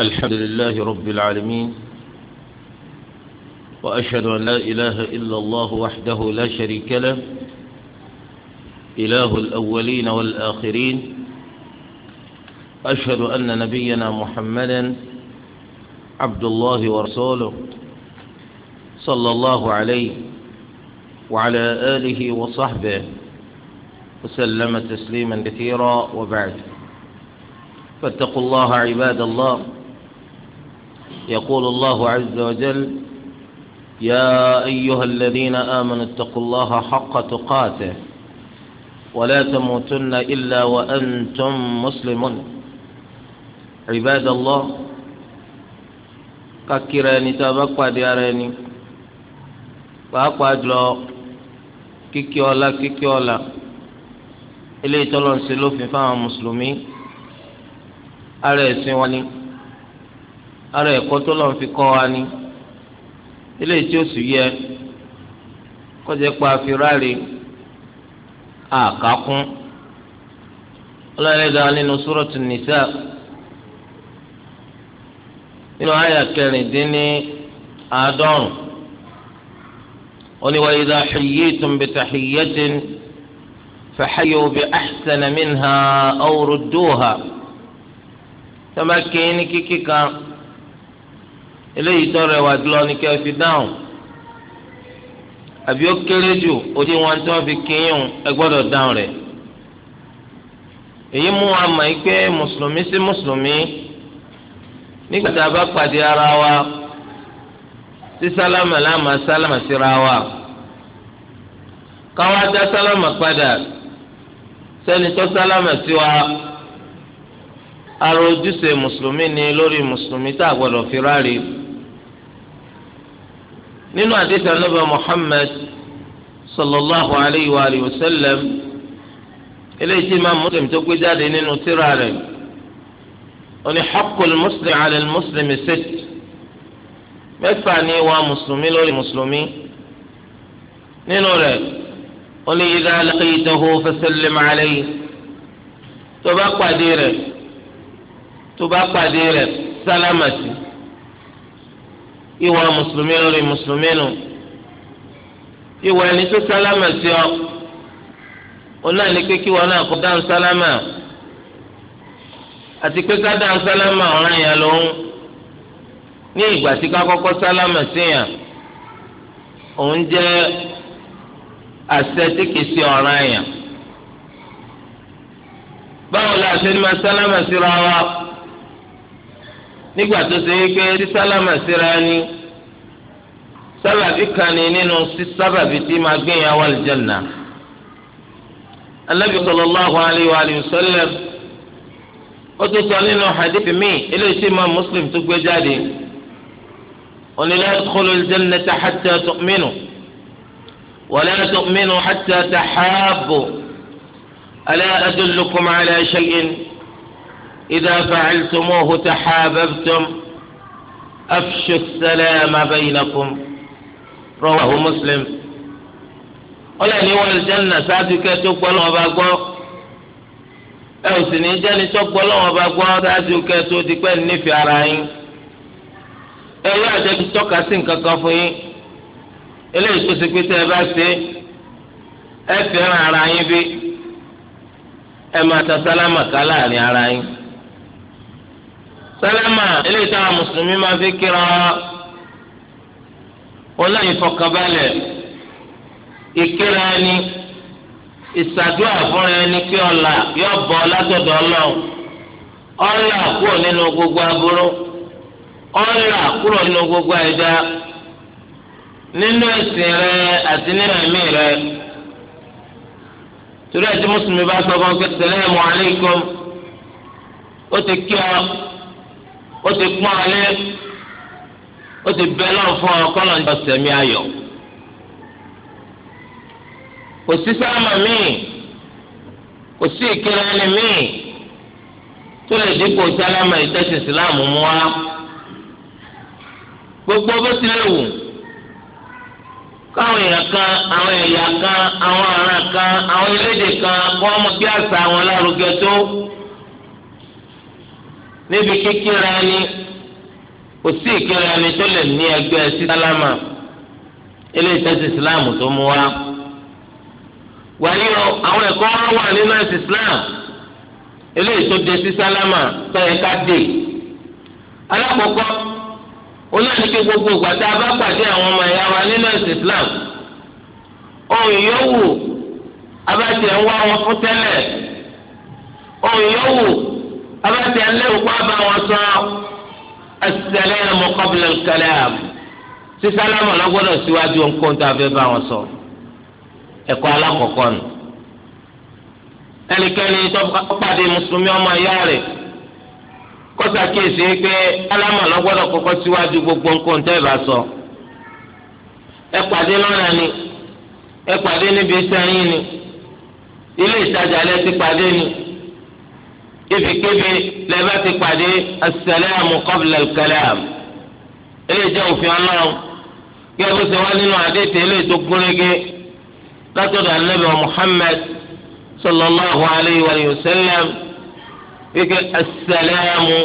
الحمد لله رب العالمين وأشهد أن لا إله إلا الله وحده لا شريك له إله الأولين والآخرين أشهد أن نبينا محمدا عبد الله ورسوله صلى الله عليه وعلى آله وصحبه وسلم تسليما كثيرا وبعد فاتقوا الله عباد الله يقول الله عز وجل يا أيها الذين آمنوا اتقوا الله حق تقاته ولا تموتن إلا وأنتم مسلمون عباد الله kakira ẹni tá a bá pàdé ara ẹni pàápàá jùlọ kíkí ọlá kíkí ọlá eléyìí tọ́lọ̀ ń ṣe lófin fáwọn mùsùlùmí ara ẹ̀sìn wọn ni ara ẹ̀kọ́ tó ile fi kọ́ wa ni ilé tí ó sì yẹ kọjá pa fìràrì àkàkún ọlọ́run nínú súrọ̀tù nìsá nínú àyà kẹrìndínní àádọ́rùn oníwà idha hayyitum bi tahiyyatin fa hayyu bi ahsana minha aw rudduha. sábà kéyìn ní kíkí kan eléyìí tọrọ ẹwà jùlọ ní kẹ́ fi dáhùn àbí ó kéré jù òdi wọn tí wọ́n fi kéyìn ẹ gbọ́dọ̀ dáhùn rẹ̀ èyí mú wa mọ̀ yìí pé mùsùlùmí sí mùsùlùmí nígbà tá a bá pàdé ara wa sí sálámà láàmà sálámà síra wa káwá dá sálámà padà sẹ́ni tó sálámà sí wa ara ojúṣe mùsùlùmí ni lórí mùsùlùmí tá a gbọdọ̀ fi ráre nínú àdéhùn anábà Muhammad sallallahu alayhi wa alihi wa sallam eléyìí tí máa Muslim tó gbé jáde nínú tírà rẹ̀ oní haqqul muslim ala muslim sitt mẹ́fà ni wà mùsùlùmí lórí mùsùlùmí nínú rẹ̀ oní idha laqitahu fasallim alayhi tó bá pàdé rẹ̀ tó bá pàdé rẹ̀ sálámà sí ìwà mùsùlùmí lórí mùsùlùmí nù ìwà ẹni tó sálámà sí ọ ọ̀nà ni pé kí wọn náà kó dáhùn sálámà àti pé ká dáhùn sálámà ọ̀ràn yẹn lòún ní ìgbà tí ká kọ́kọ́ sálámà sí yàn òun jẹ́ àṣẹ tí kìí ṣe ọ̀ràn yàn báwo la ṣe ni máa sálámà síra wa nígbà tó ṣe é pé sísálámà síra ni sábàbí kan ni nínú sábàbí tí máa gbéyàn wà lìjànà anabi sallallahu alayhi wa sallam ó tún sọ nínú hadith mi eléyìí tí máa muslim tó gbé jáde onílẹ̀ kọlu lìjànà hatta tu'minu wala tu'minu hatta tahabbu ala adullukum ala shay'in. إذا فعلتموه تحاببتم أفشوا السلام بينكم رواه مسلم ọlọ́ọ̀ni wọ aljanna ṣáájú kẹ́ tó gbọ́ lọ́wọ́ bá gbọ́ ẹ ò sì ní jẹ́ni tó gbọ́ lọ́wọ́ bá gbọ́ ṣáájú kẹ́ ara yín ẹ sálámà eléyìí táwọn mùsùlùmí máa fi kíra wọn náà ìkíra ẹni ìsàdúrà fúnra ẹni kí ọlà yóò bọ látọ̀dọ̀ Ọlọ́run ọlà kúrò nínú gbogbo aburú ọlà kúrò nínú gbogbo ẹ̀dá nínú ẹ̀sìn rẹ àti nínú ẹ̀mí rẹ torí ẹtí mùsùlùmí bá sọ fún ọ pé sẹlẹmù aleikum ó ó ti pọ́n alẹ́ ó ti bẹ́ lọ́n fún ọ kọ́lọ́n jọ sẹ́mi ayọ̀ kò sí sáàmà míì kò sí ìkíni míì tó lè dípò sálámà ìtẹ́sí ìsìláàmù mú wa gbogbo bó tilẹ̀ wù káwọn èèyàn kan àwọn ẹ̀yà kan àwọn ará kan àwọn elédè kan kọ́ ọmọ bí àṣà àwọn lárugẹ tó níbi kíkíra ẹni kò sí ìkíra ẹni tó lè ní ẹgbẹ́ sítálámà eléyìí tẹ́sí ìsìláàmù tó mú wa. wà nínú àwọn ẹ̀kọ́ wà nínú ẹ̀sìn ìsìláàmù eléyìí tó de sí sálámà tó yẹ ká dé. alákọ̀ọ́kọ́ onáníkè gbogbo ìgbà tá a bá pàdé àwọn ọmọ ẹ̀yà wa nínú ẹ̀sìn ìsìláàmù ohun yòówù abájẹ́ ń wá wọn fún tẹ́lẹ̀ ohun yòówù ti ń lé òkú àbá wọn sọ as-salamu qabla al-kalam sísálámù lọ́gbọ́dọ̀ síwájú nǹkan tó a fẹ́ bá wọn sọ ẹ̀kọ́ alákọ̀ọ́kọ́ nù ẹnikẹ́ni tó pàdé mùsùlùmí ọmọ ìyá rẹ̀ kọ́sà kíyèsí pé sálámù lọ́gbọ́dọ̀ kọ́kọ́ síwájú gbogbo nǹkan tó ẹ̀ bá sọ ẹ lọ́nà ni ẹ níbi iṣẹ́ ni ilé ìtajà lẹ́ẹ̀ ti pàdé ni kébékébé lẹ́bàá ti pàdé asalaamu qabla al-kalaam eléyìí jẹ́ òfin ọlọ́run kí ẹ bó ṣe wá nínú àdéhìí eléyìí tó gúnrégé látọ̀dọ̀ anabi muhammed sallallahu alayhi wa sallam wíkẹ́ asalaamu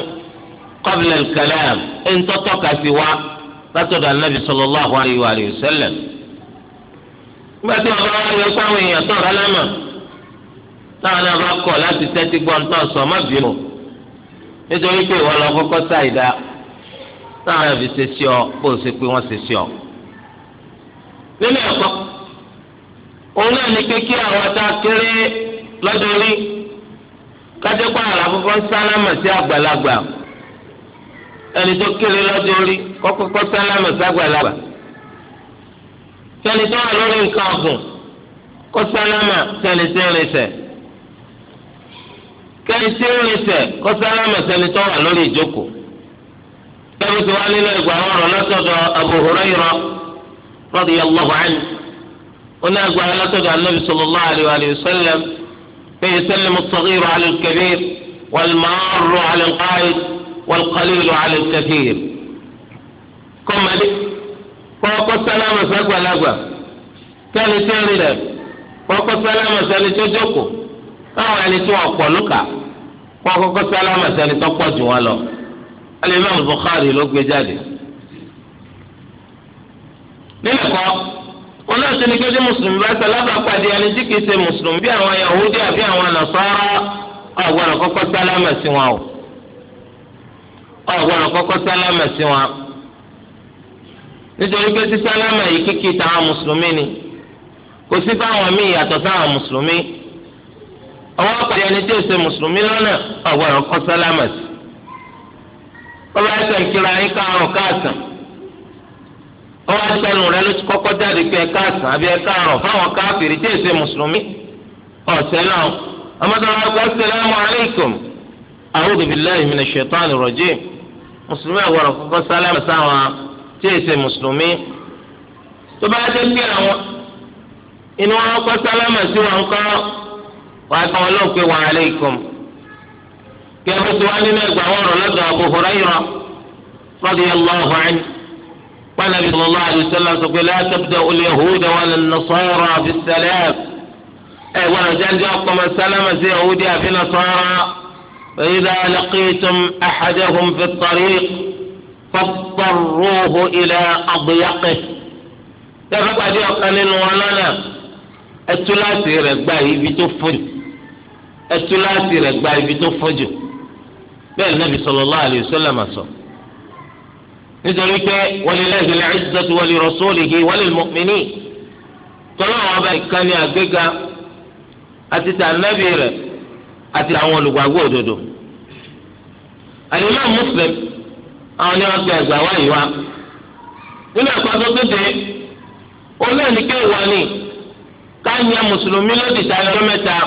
qabla al-kalaam ẹni tó látọ̀dọ̀ anabi sallallahu alayhi wa sallam. nígbà tí wọ́n bá wá yọ èèyàn tó rà lámà táwọn náà bá kọ̀ láti tẹ́tí gbọ́ nǹkan sọ má bínú nítorí pé ìwọ lọ kọ́kọ́ ṣàìdá táwọn náà fi ṣe sí ọ bó o ṣe pé wọ́n ṣe sí ọ. nínú ẹ̀kọ́ òun náà ní kékeré àwọn tá a kéré lọ́dún rí kájọ́pọ̀ àlàfọ́fọ́ ń sálámà sí àgbàlagbà ẹni tó kéré lọ́dún rí kọ́kọ́kọ́ sálámà sí àgbàlagbà tẹni tó wà lórí nǹkan ọ̀gùn kó sálámà tẹni tí ń rinṣẹ́ kẹ́ni tí ń rinsẹ̀ kó sálámà sẹ́ni tó wà lórí ìjókòó kẹ́ni tí wà nínú ẹgbẹ́ àwọn ọ̀rọ̀ látọ̀dọ̀ Abu Hurairah radiyallahu anhu oní ẹgbẹ́ àwọn látọ̀dọ̀ anabi sallallahu alayhi wa sallam bẹ́ẹ̀ yusallimu as-saghiru ala al-kabir wal-marru ala al-qa'id wal-qalilu ala al-kathir kọ́mọdé sálámà sàgbàlagbà kẹ́ni tí ń sálámà sẹ́ni jókòó báwọn ẹni tí wọ́n pọ̀ lókàá wọn kọ́kọ́ sálámà sẹni tó pọ̀ jù wọn lọ alimami Bukhari ló gbé jáde nínú kọ wọn náà sẹni kéde mùsùlùmí bá sálábà pàdé ẹni tí kìí ṣe mùsùlùmí bí àwọn Yahudi àbí àwọn Nasara ọgbọnà kọ́kọ́ sálámà sí wọn o ọgbọnà kọ́kọ́ sálámà sí wọn nítorí pé sísálámà yìí kíkì táwọn mùsùlùmí ni kò sí fáwọn míì yàtọ̀ sáwọn mùsùlùmí. ọwọ́ pàdé ẹni tí èsè mùsùlùmí lọ́nà ọ̀gbọ́dọ̀ kọ́ sálámà ọba ẹsẹ̀ ń kíra káàrọ̀ káàsán ọwọ́ ẹsẹ̀nu rẹ ló ti kọ́kọ́ jáde pé káàsán àbí káàrọ̀ fáwọn káfìrí tí èsè mùsùlùmí ọ̀sẹ̀ náà ọmọdéwà gba sẹlẹ̀mù aleikum mùsùlùmí kọ́kọ́ tí mùsùlùmí tó bá wàá tán wọn lóòpẹ wa alaykum kí ẹ bó ti wá nínú ẹgbà wọn rọ lọ́dọ̀ Abu Hurairah radiyallahu anhu Nabi sallallahu alayhi wa sallam sọ pé la tabda'u al-yahuda wala an-nasara bis-salam ẹ wọn àti ẹni tí wọn kọ ọmọ sálámà sí yahudi àfi nasara fa idha laqitum ahadahum fi at-tariq fadtarruhu ila adyaqihi tẹ́fẹ́ pàdé ọ̀kan nínú wọn lọ́nà ẹtú láti rẹ̀ gbà ibi tó fún yìí. ẹtú láti rẹ̀ gba ibi tó fọ́jù bẹ́ẹ̀ nàbì sallallahu alayhi wa sallam sọ nítorí pé walillahi al-izzatu wa li rasulihi wa lil mu'minin tọ́lọ́wọ́n ọba ìkànnì àgbéga àti tànàbì rẹ̀ àti àwọn olùgbàgbọ́ òdodo. àyìnbá Muslim àwọn ni wọ́n gbé ẹgbà wáyé wa nínú àpapọ̀ tó dé olóòní kéwàá ni ká nyẹ mùsùlùmí lódì sáyẹn lọ́mẹ́ta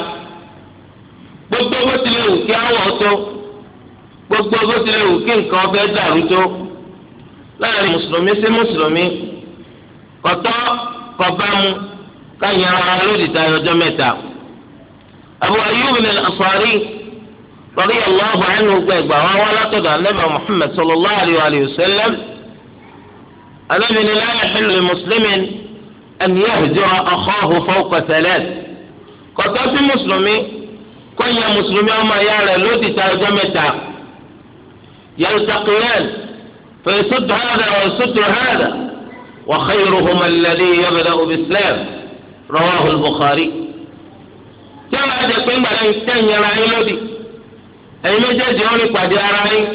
gbogbo bó tilẹ̀ wù kí àwọ̀ tó gbogbo bó tilẹ̀ wù kí nǹkan ọbẹ̀ dàrú tó láàrin mùsùlùmí sí mùsùlùmí kọ̀tọ́ kọ̀bámu káyìn ara lódì tayọ ọjọ́ mẹ́ta. Abu Ayyub al-Ansari radiyallahu anhu gba ẹgbà wọn wá látọ̀dọ̀ alẹ́mọ̀ Muhammad sallallahu alayhi wa sallam. Alábìnrin la yahillu li muslimin an yahjura akhahu fawqa thalath. Kọ̀tọ́ sí mùsùlùmí. kọ́nyà mùsùlùmí ọmọ ìyá rẹ̀ lódì ta ọjọ́ mẹ́ta yaltaqiyan fayasud hada wa yasud hada wa khayruhuma alladhi yabda'u bislam rawahu al-bukhari. tí a máa jẹ pé ńgbàdá ìtẹ̀yìn ara yín lódì ẹ̀yin méjèèjì ó ní pàdé ara yín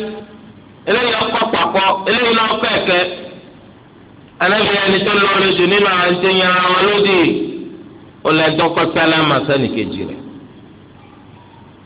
eléyìí ọkọ̀ pàkọ́ eléyìí náà ọkọ̀ ẹ̀kẹ́ anábì ẹni tó lọ́ọ́ lójú nínú àwọn ìtẹ̀yìn ara wọn lódì ó lẹ́dọ́kọ̀ sálámà sẹ́nìkejì rẹ̀.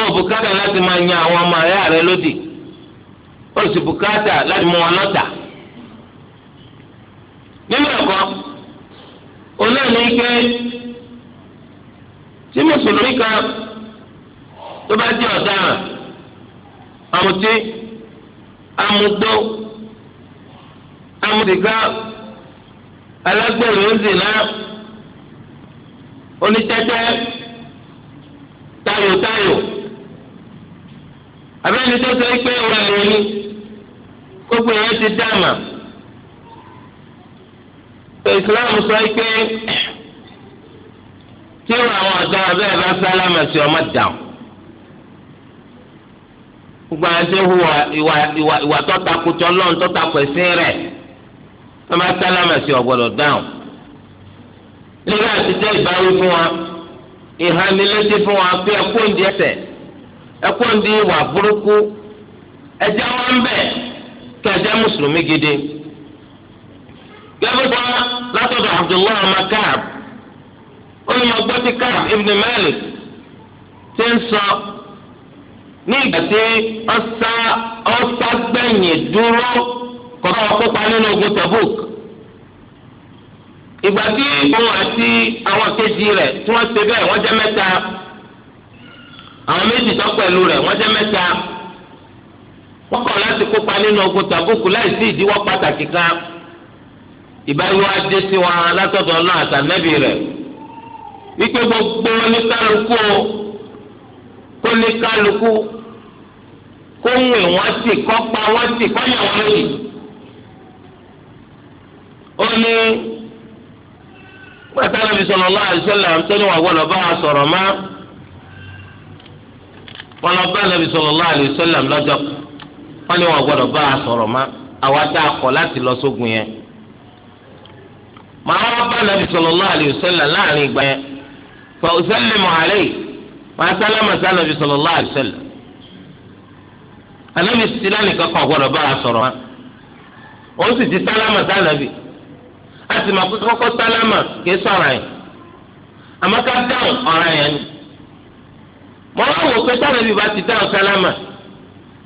O bùkátà láti máa yan àwọn ọmọ ẹ̀yà rẹ lódì ó sì bùkátà láti mú wọn lọ́tà. nínú ẹ̀kọ́ olóòní ike tí mùsùlùmí kan tó bá jẹ́ ọ̀daràn àmùtí amúgbó amúdìgá alágbèrè ńzìlá onítẹ́tẹ́ tayòtayò. Tayo, tayo abẹ́ni tó sọ pé òun lè ní gbogbo yẹn ti dáàmà tó Islam sọ pé tí àwọn ọ̀dọ́ abẹ́ bá sálámà sí ọmọ dáhùn gbogbo àwọn tó hùwà ìwà ìwà ìwà tó takùtọ lọ́n tó takù ẹ̀sìn rẹ̀ wọ́n bá sálámà sí ọ̀gbọ́dọ̀ dáhùn nígbà tí jẹ́ ìbáwí fún wa ìhánilétí fún wa pé ẹ̀kú ń jẹ́sẹ̀. ẹkún ndị wa burúkú ẹjẹ wọn bẹ kẹjẹ mùsùlùmí gidi gẹgbẹgbọ látọ̀dọ̀ abdullahi makab olùmọgbọ ti kab ibn malik ti ń sọ ní ìgbà tí dúró kọkọ nínú ogun tabuk ìgbà tí òun àti àwọn tí àwọn méjì tó pẹ̀lú rẹ̀ wọ́n jẹ́ mẹ́ta wọ́n kọ̀ láti kópa nínú ogun tàbùkù láì ìdíwọ́ pàtàkì kan ìbáyọ̀ adé sí wọn látọ̀dọ̀ náà rẹ̀ wípé gbogbo oníkálukú kó oníkálukú kó ń wọ́n sì kọ́ pa wọ́n sì kọ́ yà wọ́n lóyìn. ó ní wọn lọ bá nàbì sallallahu alaihi wasallam lọ́jọ́ wọn ni wọn gbọ́dọ̀ bá a sọ̀rọ̀ má àwa tá a kọ̀ láti lọ sógun yẹn màá wọn bá nàbì sallallahu alaihi wasallam láàrin ìgbà yẹn fa usallimu alayhi màá sálámà sọlọ nàbì sallallahu sọlọ wasallam anabi sila nìkan kan gbọ́dọ̀ bá a sọ̀rọ̀ ma ó sì ti sálámà sálàbì a kọ́kọ́ sálámà kì í sọ̀rọ̀ yẹn àmọ́ ká dáhùn ọ̀rọ̀ yẹn ni mọ wọn wò pé táwọn ibi bá ti dáhùn sálámà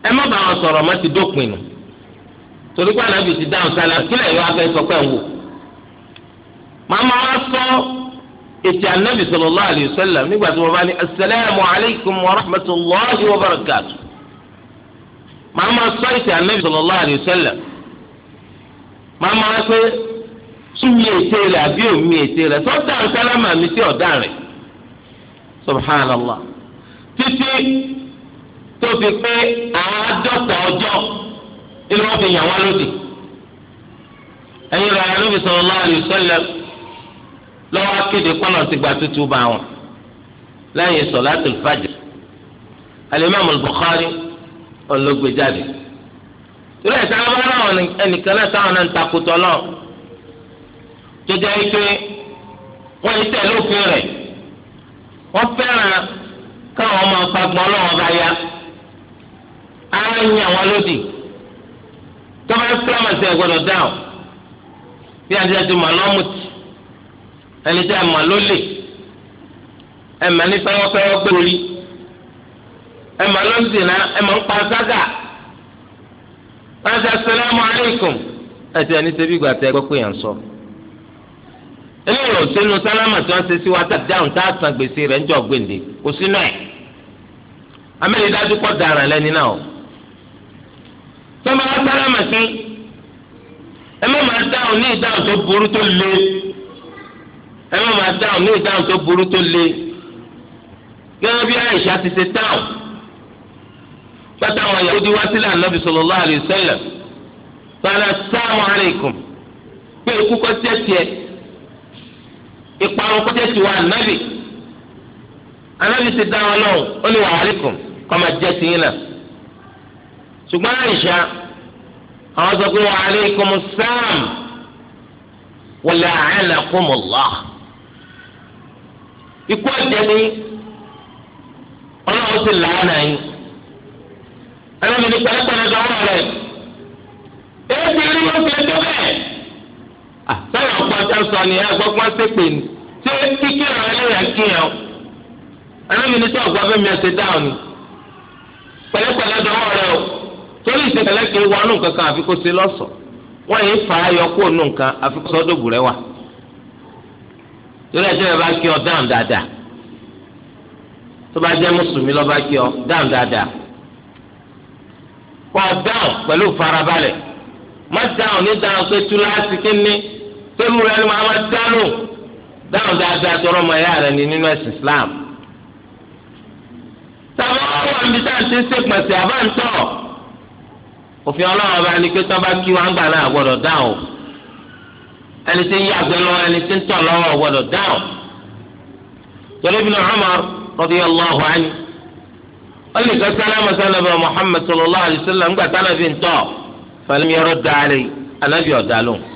ẹ má bá wọn sọ̀rọ̀ má ti dópin nù torí pé ànábì ti dáhùn sálámà kílẹ̀ yóò afẹ́ sọ pé ń wò màmá wa sọ ètò ànábì sallallahu alayhi wa sallam nígbà tí wọn bá ní asalaamu alaykum wa rahmatulahi wa barakatu màmá sọ ètò ànábì sallallahu alayhi wa sallam màmá pé súnmi ètè rẹ àbí òmí ètè rẹ sọ dáhùn sálámà mi sí ọ̀daràn subhanallah títí tó fi pé àádọ́ta ọjọ́ nínú wọn fi yàn wá lódì ẹ̀yin rẹ̀ Ànábì sallallahu alaihi wasallam lọ́wọ́ akéde kọ́nà ti gba tútù bá wọn lẹ́yìn salatul fajr al-Imam al-Bukhari ọlọ́gbẹ́jáde torí ẹ̀sán abáwọn àwọn ẹnìkan náà táwọn náà ń takùtọ̀ náà tó jẹ́ pé wọ́n ti tẹ̀lé òfin rẹ̀ wọ́n fẹ́ràn káwọn máa pagbọn lọ́wọ́ bá yá á yàn wọn lódì tọ́ba ń pẹ́ ọmọọ̀sẹ̀ gbọ́dọ̀ bí a ti mọ̀ lọ́mùtì ẹni tí a mọ̀ lólè ẹ ní pẹ́wọ́pẹ́wọ́ gbòòrí ẹ mọ̀ lọ́sìnà ẹ mọ̀ ń pa eléyìí ò sínú sálámà tí wọ́n ṣe sí wa dáhùn tá a san gbèsè rẹ ń jọ gbèǹde kò sínú ẹ̀ amẹ́rìndájú kọ́ dara lẹ́ni náà o tọ́ba wa sálámà sí ẹ má máa dáhùn ní ìdáhùn tó burú tó le ẹ má máa dáhùn ní ìdáhùn tó burú tó le gẹ́gẹ́ bí Àìṣà ti ṣe dáhùn pátá àwọn Yahudi wá sílẹ̀ ànábì sallallahu alaihi wasallam sọ́nà sáwọn pé ìparun kó jẹ́ tiwa ànábì ànábì ti dá wọn lọ́wọ́ ó ní wàhálà alaikum kọ́ máa jẹ́ tiyín náà ṣùgbọ́n àìṣá àwọn sọ pé wa alaikum salam wa la'anakum Allah ikú ọ̀jẹ̀ ni ọlọ́run ti làánà yín ẹlẹ́mi ní pẹ́ẹ́pẹ́ẹ́ lọ́wọ́ rẹ̀ èyí ti rí oṣù tó bẹ́ẹ̀. Ah, sẹ́yìn ọgbọ́n ọjọ́ sọ ni ẹ gbọ́gbọ́n ṣépè ni ṣé kíkí ọ̀rọ̀ ẹlẹ́yà kíyàn ẹlẹ́mi ní tí ọgbọ́n fẹ́mi ẹsẹ̀ dáhùn ni pẹ̀lẹ́pẹ̀lẹ́ dọ́wọ́ rẹ o torí ìṣẹ̀lẹ̀ kì í wọ inú kankan àfi kó ṣe lọ́sọ̀ wọ́n yìí fà á yọ kó inú nǹkan àfi kó sọ́dọ̀bù rẹ wà torí ẹjọ́ yẹn bá kí ọ dáhùn dáadáa tó bá jẹ́ mùsùlùmí lọ́ba kí ọ dáhùn dáadáa kọ́ dáhùn pẹ̀lú farabalẹ̀ má dáhùn ní dáhùn pé túláàsì kínní tẹ́lu rẹ ni màá máa dánù dáhùn dáadáa tọrọ ọmọ ẹ̀yà rẹ ni nínú ẹ̀sìn Islam. tàbí wọn wà níbi tá à ń ti ṣèpẹ̀sẹ̀ àbáǹtọ̀ òfin ọlọ́run bá ní pé tọ́ba kí wọn gbà náà gbọ́dọ̀ dáhùn ẹni tí ń yàgbẹ́ lọ́wọ́ ẹni tí ń tọ̀ lọ́wọ́ gbọ́dọ̀ dáhùn. torí Ibn Umar radiyallahu anhu ọlẹ́ ìka sálámà sálámà Muhammad sallallahu alayhi ńgbà sálámà fi ń tọ̀ falam yarudda alayhi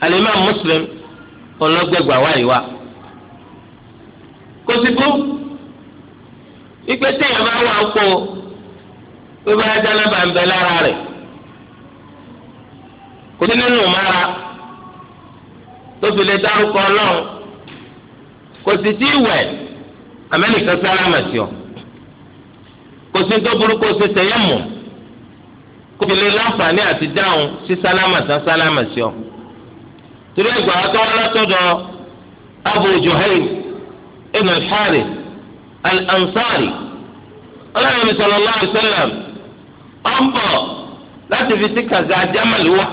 alimami muslim ọlọgbẹgba wáyé wa kò sí fún ìgbẹ́ téèyàn bá wà ń kó pé bá dáná bá ń bẹ lára rẹ̀ kò sí nínú ìmára tó fi lè dárúkọ ọlọ́run kò sì tí ì wẹ̀ amẹ́nìkan sálámà sí ọ kò sí tó burúkú ṣe tẹ̀yẹ̀ kò fi lè láǹfààní àti dáhùn sí sálámà sán sálámà sí ọ torí ẹgbàá wa tó alátọ́dọ̀ abu juhayn ibn al-harith al-ansari ọlọ́run sallallahu alayhi wa sallam ọ̀nbọ̀ láti fi sí kàzá jamal wa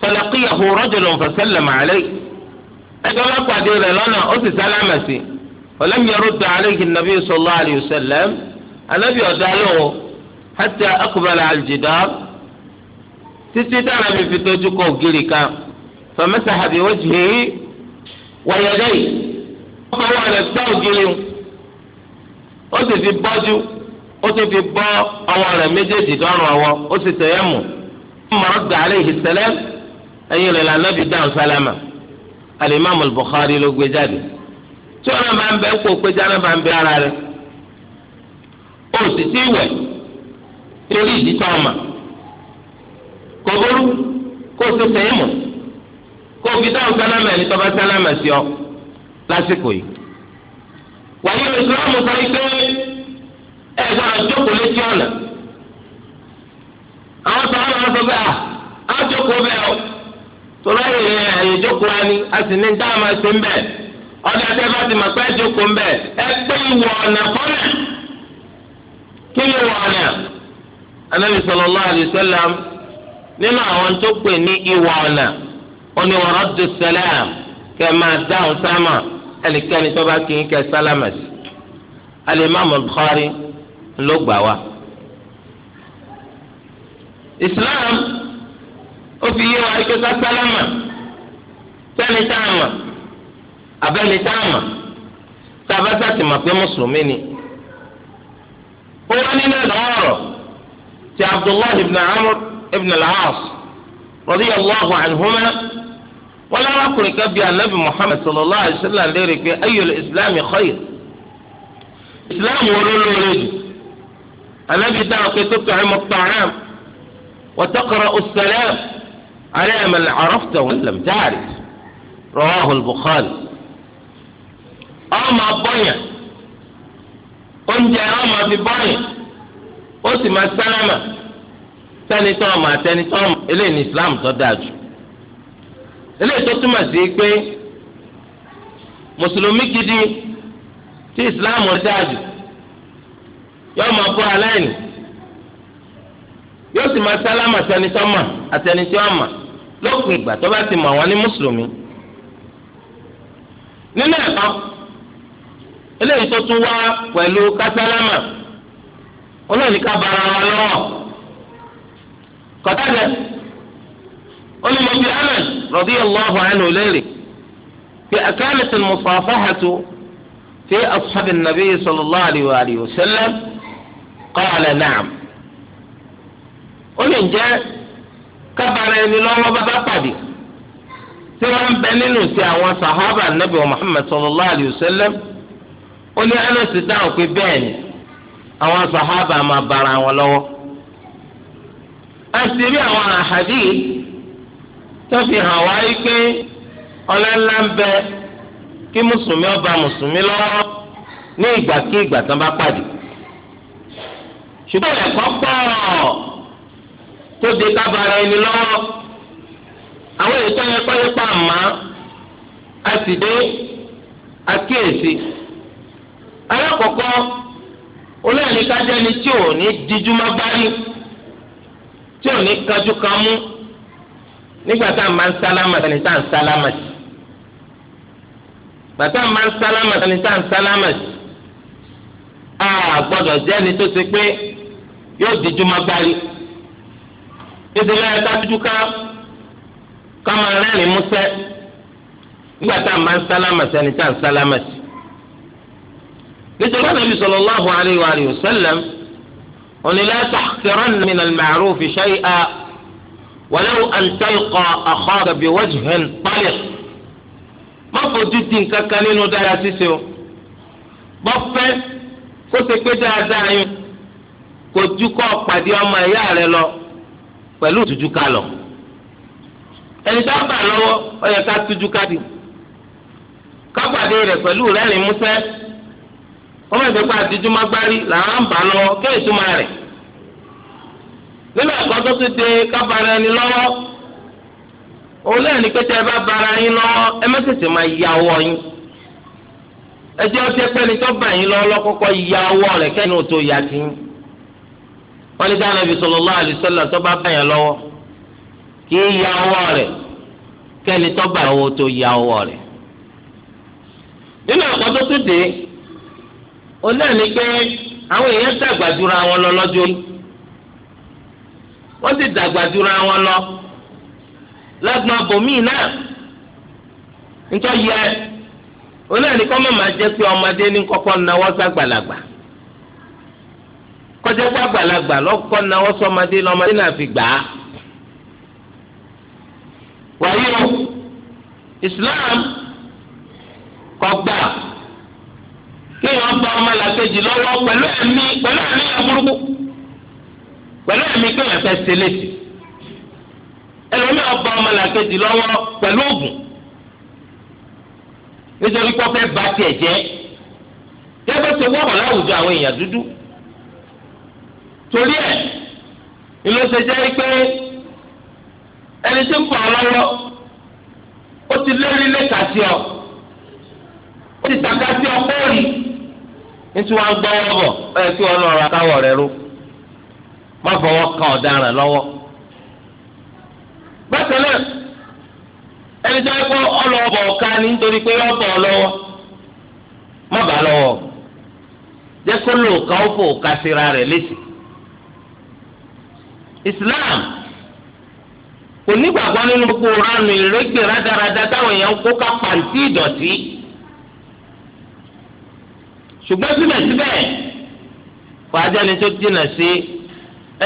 falaqiyahu rajulun fasallama alayhi ẹgbẹ́ bá pàdé rẹ̀ lọ́nà ó sì sálámà sí walam yarudda alayhi an-nabi sallallahu alayhi wa sallam anabi ọ̀dọ́ alóhùn hatta aqbala al-jidar títí dára mi fi tójú kọ ògiri kan. فمسح بوجهه ويديه ọkọ wa rẹ gbá ògiri ń ó fi bọ́jú O sì fi bọ́ ọwọ́ rẹ méjèèjì dọ́rùn ọwọ́ ó sì tẹ̀yẹ́ mù ọmọọ̀rọ̀ gàlẹ́ ìhìsẹ́lẹ́ ẹ̀yin rẹ̀ lànà bí dáhùn sálámà alimami Bukhari ló gbé jáde tí ọ̀nà máa ń bẹ kó o sálámà ẹni tó bá sálámà sí ọ lásìkò yìí. wàyí ìsìlámù sọ pé ẹ gbọ́dọ̀ létí ọ̀nà. àwọn sọ wọn sọ à bẹ́ẹ̀ o tòlá yìí ẹ̀yìn jókòó wa ni a sì ní dáhùn máa ṣe ń bẹ̀ ọ̀dà tẹ́ bá ti pé ń ẹ pé oní wa raddu salam kẹ́ máa dáhùn sáàmà ẹnikẹ́ni tó bá kí n kẹ́ sálámà sí alimami Bukhari ló gbà wá. Islam ó fi yé wa ike ká sálámà sẹ́ni táàmà abẹ́ni táàmà tàbá sàtìmọ̀ pé mùsùlùmí ni. ó wá nínú ìlọ́rọ̀ ti Abdullahi ibn Amr ibn al-As radiyallahu anhuma. wọn lárakùnrin kan bíi anabi muhammed sallallahu alayhi wa sallam léèrè pé ayyul islam khayr islam wọ́n ló lóore jù anabi dáhùn pé tó kàn mọ pàrọm wa taqra'u alẹ́ salam ala man 'arafta wa lam ta'rif rawahu al-bukhari ọmọ abọ́yàn oúnjẹ ọmọ àfi bọ́yàn ó sì máa sálámà tẹnitọ́ ọmọ àtẹnitọ́ ọmọ eléyìí ní islam tó dáa jù. eléyìí tó túmọ̀ sí pé mùsùlùmí gidi tí ìsìláàmù dáàbò yóò máa bọ́ aláìní yóò sì máa sálámà sẹ́nitọ́ mà àtẹnitọ́ àmà lópin ìgbà tó bá ti mọ̀ wọ́n ní mùsùlùmí. nínú ẹ̀kọ́ eléyìí tó tún wá pẹ̀lú kásálámà olóòní ká bara wa lọ́wọ́ kọ́tà dẹ onímọ̀bí ahmed radiyallahu anhu léèrè pé akanat al-musafahatu fi ashab an-nabi sallallahu alayhi wa sallam qala na'am ó lè jẹ́ kábàárà ẹni lọ́wọ́ bàbá pàdé tí wọ́n bẹ nínú ti àwọn sàhábà nàbì muhammad sallallahu alayhi wa sallam ó ní anasi dáhùn pé bẹ́ẹ̀ ni àwọn sàhábà máa bára wọn lọ́wọ́. a sì rí àwọn àhàdí tó fi hàn wá yí pé ọlọ́lá ń bẹ kí mùsùlùmí ọba mùsùlùmí lọ́wọ́ ní ìgbà tán bá pàdé ṣùgbọ́n ẹ̀kọ́ pọ̀ tó de kábàárà ẹni lọ́wọ́ àwọn èyí tó yẹ kọ́ yẹ pa àmà á sì dé àkíyèsí alákọ̀ọ́kọ́ olóyìn tí ò nígbà tá à ń bá ń sálámà sani tá à ń sálámà sí bàtà ń bá ń sálámà sani tá à ń sálámà sí a gbọ́dọ̀ jẹ́ ẹni tó ṣe pé yóò díjú má gbárí nítorí ẹ̀ ká dúdú ká ká máa rẹ́rìn músẹ́ nígbà tá à ń ń sálámà sani tá à ń sálámà sí nítorí Ànábì sallallahu alayhi wa sallam onílẹ̀ tàkìrán min al-ma'ruf shay'a. ولو an تلقى akhaka bi wajhin ما má fojú di nǹkan kan nínú dára ṣíṣe o bọ́ fẹ́ kó ṣe pé dáadáa yín kò ju kọ́ pàdé ọmọ ìyá rẹ lọ pẹ̀lú tuju ká lọ ẹni tá a bà lọ́wọ́ ó ká tuju ká di ká pàdé rẹ pẹ̀lú rẹ́rìn músẹ́ ọmọ ìdẹ́gbà àtijọ́ má gbárí làwọn ń bà lọ́wọ́ kéètùmá rẹ̀ nínú ẹ̀kọ́ tó ti de kábàárà ẹni lọ́wọ́ òun náà ní pété ẹ bá bara yín lọ́wọ́ ẹ má tètè máa ya ọwọ́ yín ẹ jẹ́ ọtí ẹpẹ́ni tó bá yín lọ́wọ́ lọ́kọ́kọ́ ya ọwọ́ rẹ̀ kẹ́ni tó ya sí yín wọ́n ní dáná ibi sallallahu alaihi wasallam tó bá bá yẹn lọ́wọ́ kì í ya ọwọ́ rẹ̀ kẹ́ni tó bá owó tó ya ọwọ́ rẹ̀ nínú ẹ̀kọ́ tó ti de òun náà ní pé àwọn èèyàn dàgbà jura wọn lọ lọ́jọ́ yìí wọ́n ti dàgbà jura wọn lọ lágbọn abòmíì náà nítorí yẹ onáàní kọ́ mọ̀mọ́ jẹ́ pé ọmọdé ní kọ́kọ́ náwó sàgbàlagbà kọjá pé àgbàlagbà lọ́kọ́ Islam gbà bá ọmọ làkejì pẹ̀lú ẹ̀mí pé wọ́n fẹ́ ṣe létí ẹlòmíì ọba ọmọlàkejì lọ́wọ́ pẹ̀lú ògùn nítorí pé wọ́n fẹ́ ba tiẹ̀ jẹ́ gẹ́gẹ́ tó wọ́pọ̀ láwùjọ àwọn èèyàn dúdú torí ẹ̀ ìlú ṣe jẹ́ pé ẹni tí ń pọ̀ lọ́wọ́ ó ti lérí lẹ́ka sí ọ ó ti tàka sí ọ kóòrì nítorí wọn gbọ́ wọ́pọ̀ ẹ̀ kí wọn lọ ra káwọ̀ rẹ ró. má fọwọ́ kan ọ̀daràn lọ́wọ́. bákan náà ẹni tó yẹ ọlọ́ọ̀bọ̀ ọ̀ka nítorí pé wọ́n lọ́wọ́ má bàa lọ́wọ́ jẹ́ kó lò ká ó fò ká síra rẹ̀ létí. Islam kò nígbàgbọ́ nínú gbogbo ránù rádaràda táwọn èèyàn kó ká pàǹtí ìdọ̀tí ṣùgbọ́n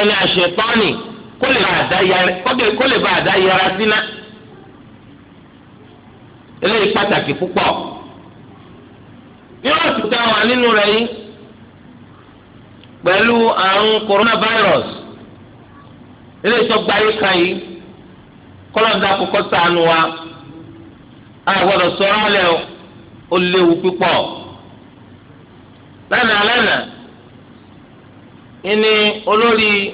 ẹni àṣetọ́ni kó lè bá àdá yẹra síná eléyìí pàtàkì púpọ̀ ní ọ̀sùn a wà nínú rẹ̀ yìí pẹ̀lú àrùn coronavirus eléyìí tó ayé kan yìí kọ́lọ́dà kọ́kọ́ sànù wa àgbọ̀dọ̀ sọ̀rọ̀ léwu púpọ̀ lánàá ini olórí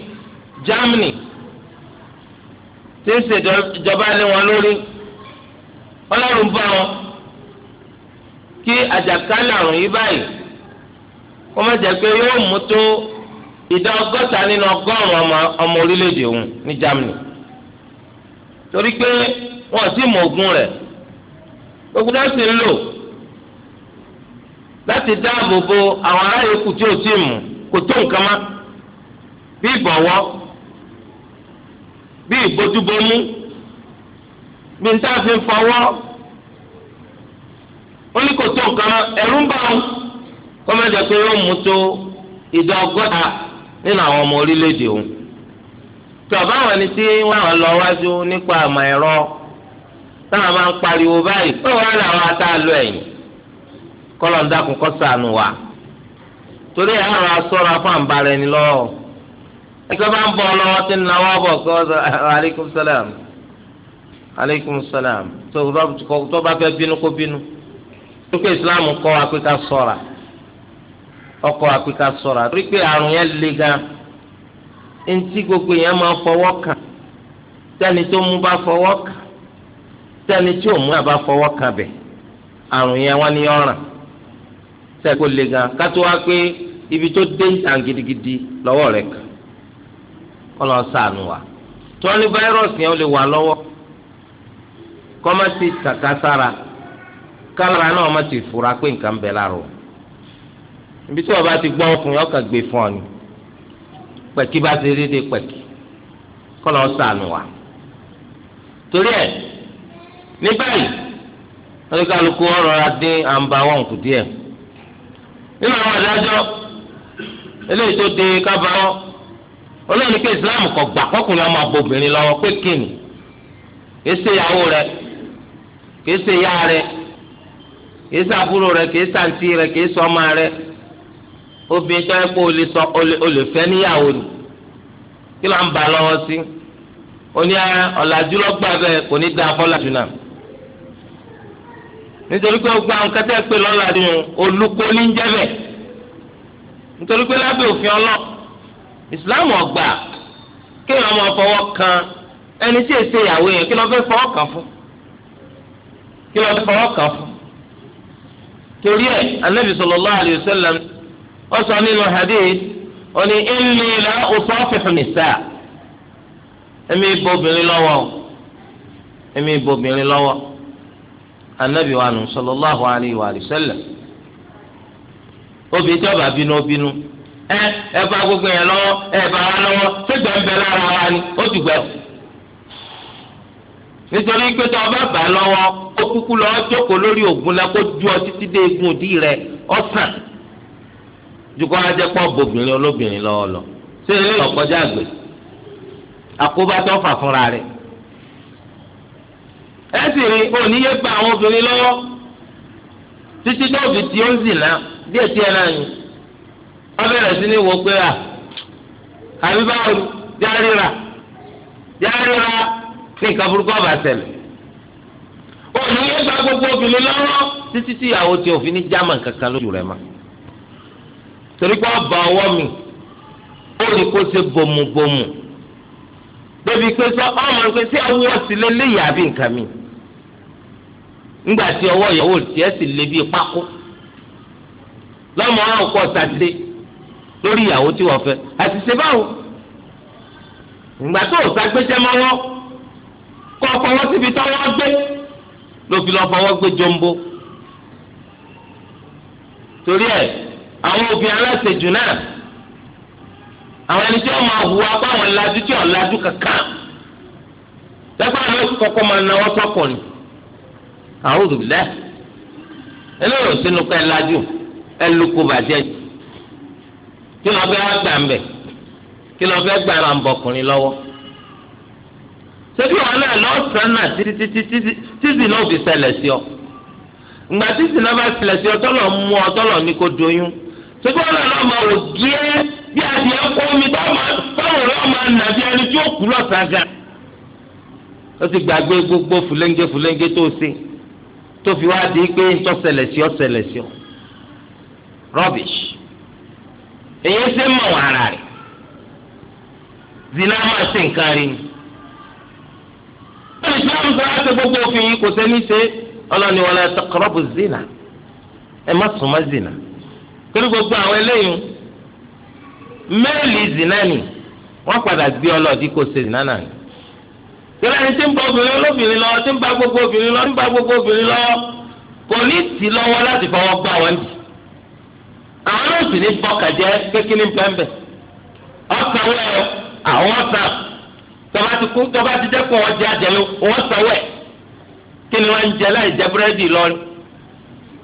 Germany tí ń ṣèjọba lé wọn lórí ọlọ́run bá wọn kí àjàkálẹ̀ àrùn yìí báyìí kó má jẹ́ pé yóò mú tó ìdá ọgọ́ta nínú ọgọ́rùn-ún ọmọ orílẹ̀-èdè òun ní Germany torí pé wọn ò tí mọ ogun rẹ, gbogbo náà sì ń lò láti dáàbò bo àwọn ará yòókù tí ò tí mú kò tó nǹkan máa. bí bọwọ bí ìbójúbomú bí n fọwọ́ ó ní kò tó nǹkan ẹ̀rú ń kọ́mẹ́jọ pé yóò mú tó ìdá ọgọ́ta nínú àwọn ọmọ orílẹ̀-èdè òun tí ọba tí lọ wájú nípa táwọn máa ń ata lọ wa torí àwọn fún ẹ̀ka máa ń bọ̀ lọ́wọ́ tí ń náwó bọ̀ kọ́ aleykum salam aleykum salam tó bá fẹ́ bínú kó bínú tókè islam kọ́ apíká sọ̀ra ọkọ̀ apíká sọ̀ra torí pé àrùn yẹn le gan eŋti gbogbo yẹn máa fọwọ́ kàn tẹ́ni tó mú bá fọwọ́ kàn tẹ́ni tí ò mú àbá fọwọ́ kàn bẹ̀ àrùn yẹn wọ́n ní ọ̀ràn sẹ́kó le gan kátó wá pé ibi tó dé ìtàn gidigidi lọ́wọ́ rẹ̀ kàn. kọlọ sànù wa tí ní fáírọ́ọ̀sì yẹn ó lè wà lọ́wọ́ kọ́mọ́tì tàkására kálára náà má ti fura pé nǹkan bẹ̀ lára o ibi tí wọn bá ti gbọ́ ọkùnrin ọkàn gbé fún ọ ni pẹ̀kí bá ti rí de pẹ̀kí kọ́lọ́ sànù wa torí ẹ̀ ní báyìí oníkàlùkù ọ̀rọ̀ la dín àǹbá wọn kù díẹ̀ nínú àwọn adájọ́ eléyìí tó de kábàárọ̀ olóòní pé islam kò gbà kọkùnrin ọmọ obìnrin lọ́wọ́ pé kíni kìí ṣe ìyàwó rẹ kìí ṣe ìyá rẹ kìí ṣe àbúrò rẹ kìí ṣe àǹtí rẹ kìí ọmọ rẹ obìnrin tó yẹ kó o lè fẹ́ níyàwó ni kí ló ń ba lọ́wọ́ sí oní ah, ọ̀làjú lọ́gbà bẹ́ẹ̀ kò ní da afọ́làjú náà nítorí pé gbogbo àwọn kẹtẹ́ pé lọ́làjú olùkọ́ ní ń jẹ́ bẹ́ẹ̀ nítorí pé lábẹ́ òfin ọlọ́ọ̀ islam ọgbà kéèyàn máa fọwọ́ kan ẹni tí èsè ìyàwó yẹn kí ló fẹ́ fọwọ́ kàn fún kí anabi sallallahu alayhi sallam ó nínú hadith ó ní inni la usafihu nisa obìnrin anabi wa nù sallallahu alayhi wa sallam obìnrin tí ó bá bínú ẹ ẹ bá gbogbo yẹn lọ́wọ́ ẹ bá wa lọ́wọ́ sígbà ń bẹ lára wa ni ó ti gbẹ. nítorí pé tó o bá bá lọ́wọ́ ó kúkú lọ́ọ́ jókòó lórí ògùn la kó ju ọ títí dé egun òdì rẹ ọ̀sán dukọ ajẹpọ bobìnrin olóbìnrin lọ́wọ́ lọ ṣé ilé ọkọjá àgbè àkóbá tó fà fúnra rẹ̀ ẹ sì rí oníyé pa àwọn obìnrin lọ́wọ́ títí tó tí ó ń zìnà díẹ̀ tí ẹ náà yìí wọ́n bẹ̀rẹ̀ sí ni wò pé à àbí báwo járira járira ní nǹkan burúkú ọba ṣẹlẹ̀ òní yóò gba gbogbo obìnrin lọ́wọ́ títí tí ìyàwó tí òfin ní german kankan lójú rẹ̀ ma torí pé ọba ọwọ́ mi ó ní kó ṣe pé sọ ọmọ rẹ lórí ìyàwó tí wọ́n fẹ́ àti ṣe báwo ìgbà tó o sàgbéjẹ mọ́wọ́ kọ́ fọwọ́ síbi tọ́wọ́ gbé ló fi lọ́ọ́ fọwọ́ gbé jombo torí ẹ̀ àwọn obìnrin aláṣejù náà àwọn ẹni tí wọ́n máa hùwà báwọn lajú tí wọ́n lajú kankan dẹ́gbà ló kọ́kọ́ máa náwó sọ́kùnrin àwọn olùbílẹ̀ ẹ lóyún sínú ká ẹ lajú ẹ lóko bàjẹ́ yìí kí ló fẹ́ gbà ń bẹ̀ kí ló fẹ́ gbà ń bọ̀ ọkùnrin lọ́wọ́ ṣebí wọn náà lọ́sàn-án náà títí títí títí náà fi ṣẹlẹ̀ sí ọ ìgbà títí náà bá ṣẹlẹ̀ sí ọ tọ́lọ̀ mú ọ tọ́lọ̀ ní kó doyún ṣebí wọn náà lọ́ọ́ máa wò gíẹ́ bí adìẹ kó omi táwọn ọ̀rẹ́ máa nà bí ẹni tí ó kú lọ́sàn-án gan. ó ti gbàgbé gbogbo fúlẹ́ńgé fúlẹ́ńgé tó ṣe tó fi wá di pé ń tọ́ ṣẹlẹ̀ sí ọ ṣẹlẹ̀ sí ọ rubbish. èyí ń ṣe mọ̀ wọn ara rẹ̀ zina máa ṣe nǹkan rí ni. wọ́n ti sọ́ọ́ nípa láti gbogbo òfin yìí kò sẹ́ni ṣe ọlọ́ni wọn lọ́ọ́ zina ẹ má sùn má zina torí gbogbo àwọn eléyìí mẹ́ẹ̀lì zina ni wọ́n padà gbé ọlọ́ọ̀dí kò ṣe zina náà ni. torí ẹni tí ń bọ obìnrin olóbìnrin lọ ń bá gbogbo obìnrin lọ tí ń bá gbogbo obìnrin lọ kò ní lọ́wọ́ láti fọwọ́ gbá wọn dì. àwọn náà sì ní bọ́kàjẹ́ kékeré pẹ́ńpẹ́ ọ̀sánwó ẹ̀ àwọn ọ̀sán tọba ti kú tọba ti dẹ́kun ọjà àjẹló wọ́n sanwó ẹ̀ kí ni wọ́n ń jẹ láì jẹ búrẹ́dì lọ́rí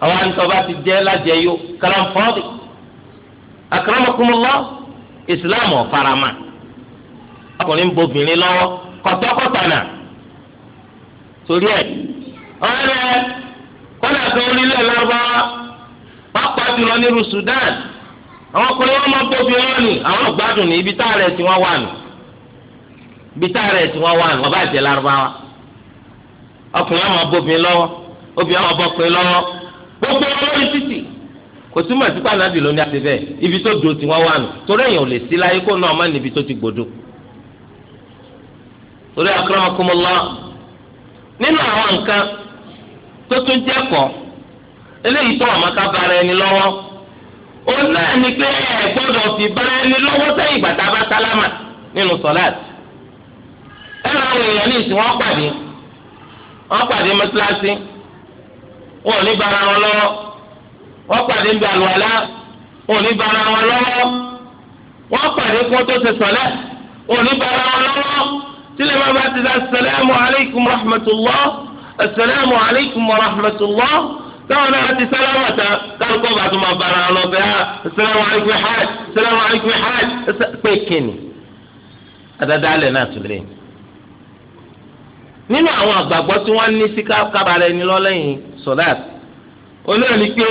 àwọn àǹtọ̀ba ti jẹ lájẹyó kàràǹfọ́ọ̀dì àkàràmọ̀kùnmọ́lá ìsìláàmù ọ̀farama ọkùnrin bobìnrin lọ́wọ́ kọ̀tọ́kọ̀tànà torí ẹ̀ ọ̀rẹ́ kọ́lá kan orílẹ̀ lọ́wọ́ pàápàá jùlọ nílùú Sudan àwọn ọkùnrin wọn máa tóbi wọn ni àwọn gbádùn ní ibi táàrẹ tí wọn wà nù ibi wọn wà nù wọn bá jẹ Lárúbáwá ọkùnrin wọn máa bóbi lọwọ obìnrin wọn bọ pé gbogbo wọn lórí títì kò túmọ̀ sí àti bẹ́ẹ̀ ibi tó do tí wọ́n wà nù torí èèyàn ò lè ti gbòdo. torí eléyìí tó maka bara bára ẹni lọ́wọ́ ó náà ní pé ẹ gbọ́dọ̀ fi bára ẹni lọ́wọ́ sẹ́yìn ìgbà bá sálámà nínú ẹ máa wọ èèyàn ní wọn pàdé wọn pàdé mọ́tíláṣí wọn ò ní wọn lọ́wọ́ wọn pàdé níbi àlùwàlá wọn ò ní táwọn náà ti sálámà tán kálukọ bá tún máa bára lọ bẹ ha ah, sẹlẹmù alikun hajj sẹlẹmù alikun hajj pé kìnnì adadaalẹ náà tún lè nínú àwọn àgbàgbọ́ tí wọ́n ní sí kábàárẹ̀ ẹni lọ́lẹ́yìn sọ̀dát olóòní pé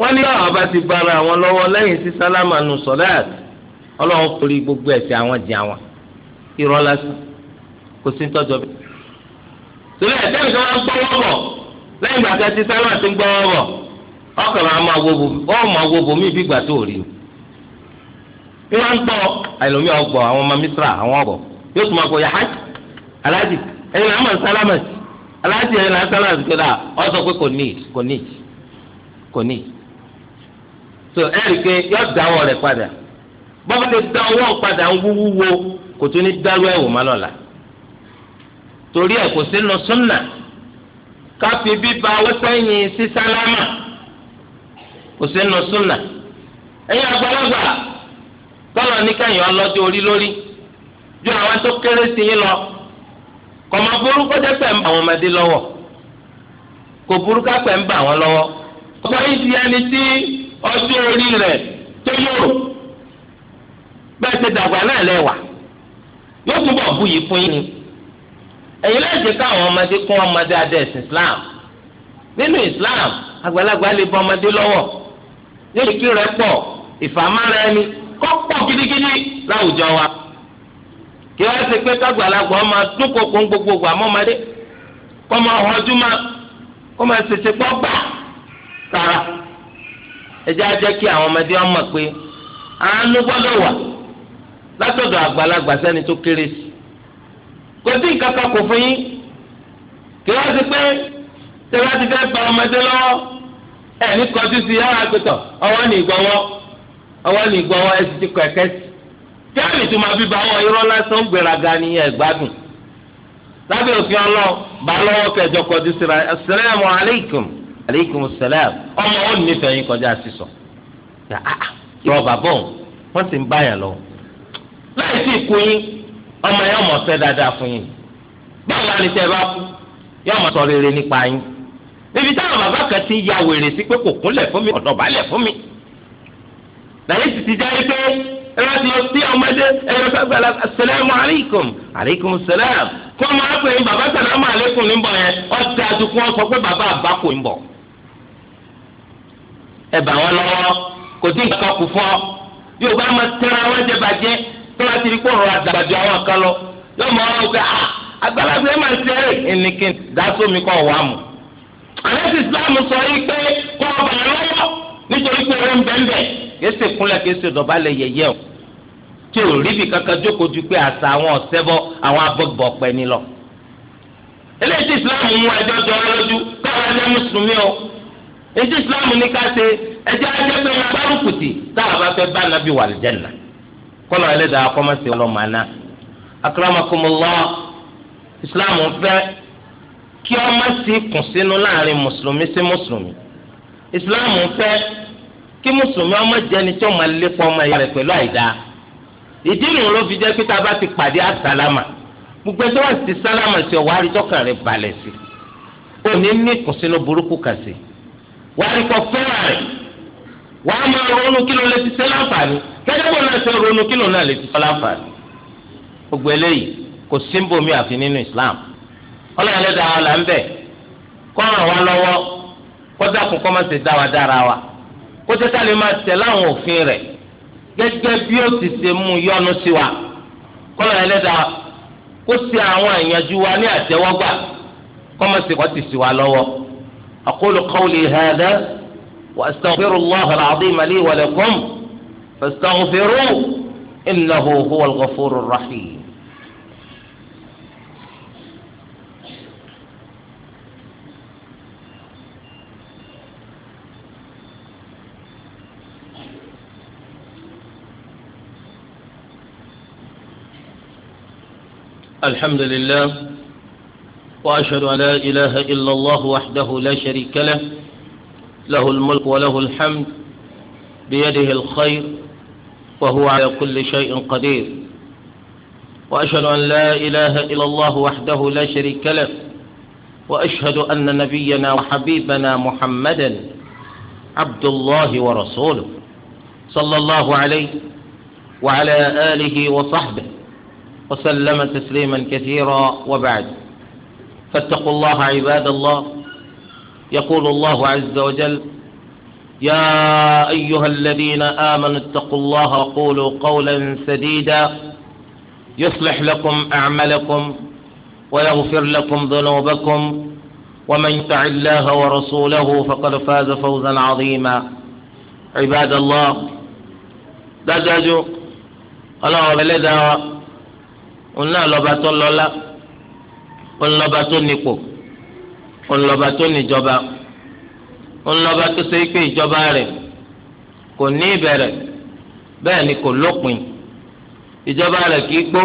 wọ́n ní àwọn bá ti bára àwọn lọ́wọ́ lẹ́yìn sí sálámà nù sọ̀dát ọlọ́run forí gbogbo ẹ̀ṣẹ̀ àwọn jì àwọn irọ́ kò sí tọ́jọ́ bẹ́ẹ̀. sọlá lẹ́yìn ìgbà tẹ́ ti sálámà ti ń gbọ́ ọ̀rọ̀ ọkàn máa ma wo bò ó ma wo bò mí bí ìgbà tó rí wọ́n ń àìlómi ọgbọ̀ àwọn ọmọ mísírà àwọn ọgbọ̀ yóò tún kọ ẹ̀yin mọ̀ ẹ̀yin so ẹ̀rì ke yọ dáwọ́ rẹ̀ padà da ọwọ́ padà ń kò tún ní dárú káfí biba wọ́sẹ̀yìn sísálámà kò sí nù súnà ẹ̀yin àgbàlagbà tọ́lọ̀ ní kẹ́yìn ọlọ́jọ́ orí lórí ju àwọn to lọ kọmọ má burú kó jẹ́ pẹ̀ ń bà mba ọmọdé lọwọ kò burú ká pẹ̀ ń bà ti ẹni tí ọjọ́ orí rẹ̀ tó yòrò bẹ́ẹ̀ ti dàgbà náà Eyi lè jẹ́ káwọn ọmọdé kún ọmọdé adé ẹ̀sìn islam nínú islam àgbàlagbà lè bọ́ ọmọdé lọ́wọ́ nínú kí rẹ pọ̀ ìfàmára ẹni kọ́ pọ̀ gidigidi láwùjọ wa kí wọ́n ti pé kágbàlagbà ọmọ dúnkokò gbogbogbò àmọ́mọdé kọ́ máa họjú ma kọ́ gbà tara ẹjẹ́ ajẹ́ kí àwọn ọmọdé ọmọ pé àánú gbọ́dọ̀ wà látọ̀dọ̀ àgbàlagbà sẹ́ni tó kéré sí kò sí nǹkan kan kò fún yín kí wọ́n ti pé ṣé wọ́n ti fẹ́ pa ọmọdé lọ́wọ́ ẹ̀ ní kọjú sí yàrá àgbẹ̀tọ̀ ọwọ́ ní ìgbọ̀wọ́ ọwọ́ ní ìgbọ̀wọ́ ẹ sì ti kọ ẹ̀kẹ́ sí. kí wọ́n lè tún máa bíbá àwọn irọ́ lásán gbéraga ní ẹ̀gbádùn lábẹ́ òfin ọlọ́ bá lọ́wọ́ kẹjọ kọjú síra asalaamu aleykum aleykum salaam ọmọ òun nífẹ̀ẹ́ yín kọjá sísọ rọba ah, ah, bọ́ọ̀ wọ́n sì ń báyà lọ láì sí yín ọmọ yẹn ọmọ ṣe dáadáa fún yín báwo la ni tẹ ẹ bá kú yóò mọ sọ rere nípa yín ti ya wèrè sí pé kò kúnlẹ̀ fún mi ọ̀dọ̀ balẹ̀ fún mi ti pé ẹ bá ti ọmọdé ẹ lọ sọ gbàlá aleykum aleykum ní bọ yẹn ọtí bọ ẹ bà wọn kò fún ọ yóò tó bá ti rí pé ọ̀rọ̀ àdàgbàjọ àwọn kan lọ yóò mọ ọ̀rọ̀ pé ah, àgbàlagbà ẹ̀ máa ń ṣeré ẹnìkan dásómi kọ́ wà mú. àlẹ́sì islam sọ yìí pé kọ́ ọba lọ́wọ́ nítorí pé ó ń bẹ́ńbẹ́ kéésì kúnlẹ̀ kéésì dọ̀bálẹ̀ yẹ̀yẹ́ o tí ò rí ibi kankan jókòó ju pé àṣà àwọn ọ̀sẹ́bọ àwọn abọ́gbọ̀ pẹ́ ni lọ. eléyìí islam mú ẹjọ́ jọ lójú káwọn ẹjẹ́ mùsùlùmí o èyí islam ní kọ́nà ẹlẹ́dàá kọ́mọ́sí ọlọ́mọ̀ọ́nà akramakumullah islam fẹ́ kí ọmọ sí kùn sínú láàrin mùsùlùmí sí mùsùlùmí islam fẹ́ kí mùsùlùmí ọmọ jẹni tí ọmọ lépa ọmọ ẹ̀yà rẹ̀ pẹ̀lú àìdá ìdí nìyẹn ló fi jẹ́ pé tá a bá ti pàdé àsálámà gbogbo ẹjọ́ wọn ti sálámà sí ọ wàá rí tọkàn rẹ̀ balẹ̀ sí òní ní kùn sínú burúkú kà sí wàá rí kọ fẹ́ràn rẹ̀ wàá máa ronú kí ló lè ti ṣe láǹfààní gẹ́gẹ́ bó náà ṣe ronú kí ló náà lè ti ṣe láǹfààní. gbogbo eléyìí kò símbò mi àfi nínú Islam ọlọ́run lè dá là ń bẹ̀ kó ràn wá lọ́wọ́ kó dákun kó má ṣe dá wa dára wa kó tẹ́tà lè máa tẹ̀ láwọn òfin rẹ̀ gẹ́gẹ́ bí ó ti ṣe mú yọ́nú sí wa kó ọlọ́run lè dá kó ṣe àwọn àyànjú wa ní àtẹ́wọ́gbà kó má ṣe kó ti ṣe wa lọ́wọ́ aqulu qawli hadha. وأستغفر الله العظيم لي ولكم فاستغفروه إنه هو الغفور الرحيم الحمد لله وأشهد أن لا إله إلا الله وحده لا شريك له له الملك وله الحمد بيده الخير وهو على كل شيء قدير وأشهد أن لا إله إلا الله وحده لا شريك له وأشهد أن نبينا وحبيبنا محمدا عبد الله ورسوله صلى الله عليه وعلى آله وصحبه وسلم تسليما كثيرا وبعد فاتقوا الله عباد الله يقول الله عز وجل يا أيها الذين آمنوا اتقوا الله وقولوا قولا سديدا يصلح لكم أعمالكم ويغفر لكم ذنوبكم ومن يطع الله ورسوله فقد فاز فوزا عظيما عباد الله dájájú ọlọ́run ẹlẹ́dàá wa òun náà lọ́ba tó lọ́lá ńlọba tó níjọba ńlọba tó ṣe pé ìjọba rẹ̀ kò ní ìbẹ̀rẹ̀ bẹ́ẹ̀ ni kò lópin ìjọba rẹ̀ kìí gbó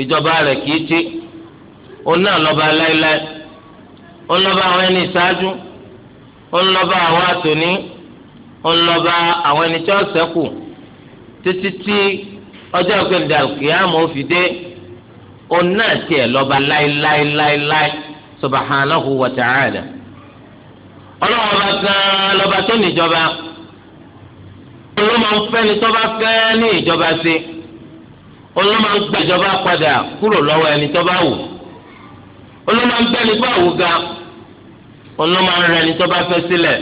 ìjọba rẹ̀ kìí tí òun náà lọ́ba láéláé àwọn ẹni ìṣáájú àwọn àtòní àwọn ẹni tí wọ́n títí subhanahu wa ta'ala ọlọ́run ọba gan-an lọ́ba tó níjọba olóma ń fẹ́ ni tó bá fẹ́ ní ìjọba sí olóma ń gba ìjọba padà kúrò lọ́wọ́ ẹni tó bá wù olóma ń bẹ́ni tó àwù ga olóma ń rẹ ẹni tó fẹ́ sílẹ̀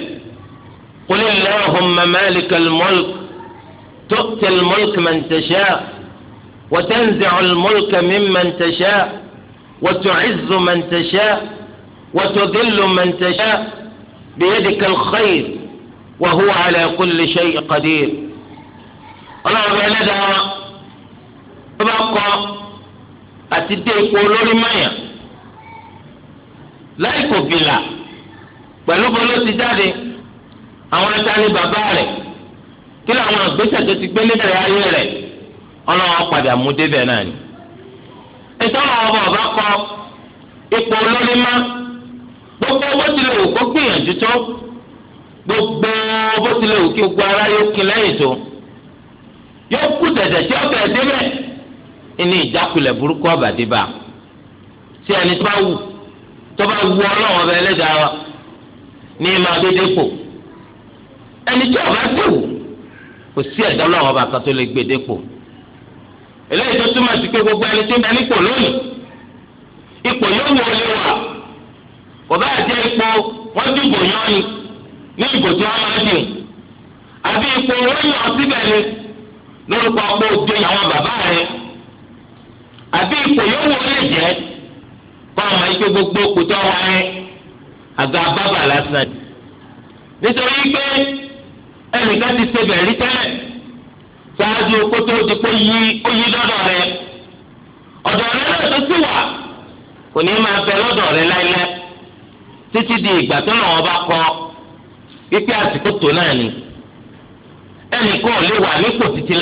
qul Allahumma malikal mulk tu'til mulka man tasha wa tanzi'ul mulka mimman وتعز من تشاء وتذل من تشاء بيدك الخير وهو على كل شيء قدير ọlọ́run bẹ lẹ́dàá wa tó bá لا àti dé ipò olórí mọ́yàn láì kò bìlà pẹ̀lú bọ́lá ti jáde àwọn ẹ̀tàní bàbá rẹ̀ kí làwọn àgbésẹ̀ tó ti gbé níbẹ̀rẹ̀ ayé rẹ̀ ọlọ́run padà mú débẹ̀ náà ni ìtọ́nà ọmọ ọba kọ ipò olórí má gbogbo owó ti lè wò kó gbìyànjú tó gbogbo owó ti lè wò kí gbogbo ara yóò kí lẹ́yìn tó yóò kú tẹ̀tẹ̀ tí ọ̀tẹ̀ débẹ̀ ìní ìjákulẹ̀ burúkú ọ̀bà débà tí ẹni tó bá wù tó bá wù ọlọ́run ọba ẹlẹ́dàá wa ní ìmọ̀ àgbédé pò ẹni tí ọba tó wù kò sí ẹ̀dá ọlọ́run ọba tó lè gbédé pò eléyìí tó túmọ̀ sí pé gbogbo ẹni tí ń bẹ nípò lónìí ipò yóò wọ ilé wa kò bá jẹ́ ipò wọ́n dìbò yán ni ní ìbò tí wọ́n máa dì àbí ipò wọ́n yàn síbẹ̀ ni lórúkọ ọ̀pọ̀ òjò àwọn bàbá rẹ̀ àbí ipò yóò wọ ilé jẹ́ kọ́ ọmọ ike gbogbo kòtò ọmọ rẹ̀ àga bábà lásán nítorí pé ẹnìkan ti ṣe bẹ̀rí tẹ́lẹ̀. ṣáájú kótó ti oyi yí ó yí rẹ ọ̀dọ̀ rẹ náà tó sì wà kò ní máa bẹ lọ́dọ̀ rẹ títí di ìgbà tó náà wọn bá kọ pípẹ́ àsìkò tó náà ni lè wà nípò títí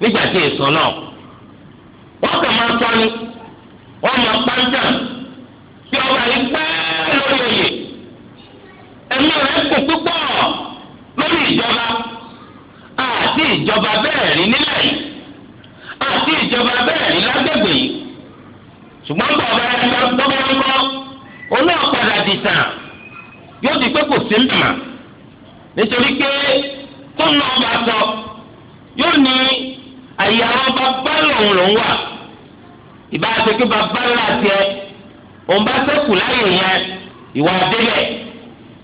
nígbà tí èso náà wọ́n kàn máa lọ́gbọ́ngbọ́ olóòpadà dìtàn yóò di pé kò sí mọ̀ nítorí pé tó ń lọ bá sọ yóò ní àyàwó bàbá lòun lòun wà ìbá ṣe pé bàbá ńlá tiẹ̀ òun bá sẹ́kù láyè yẹn ìwà débẹ̀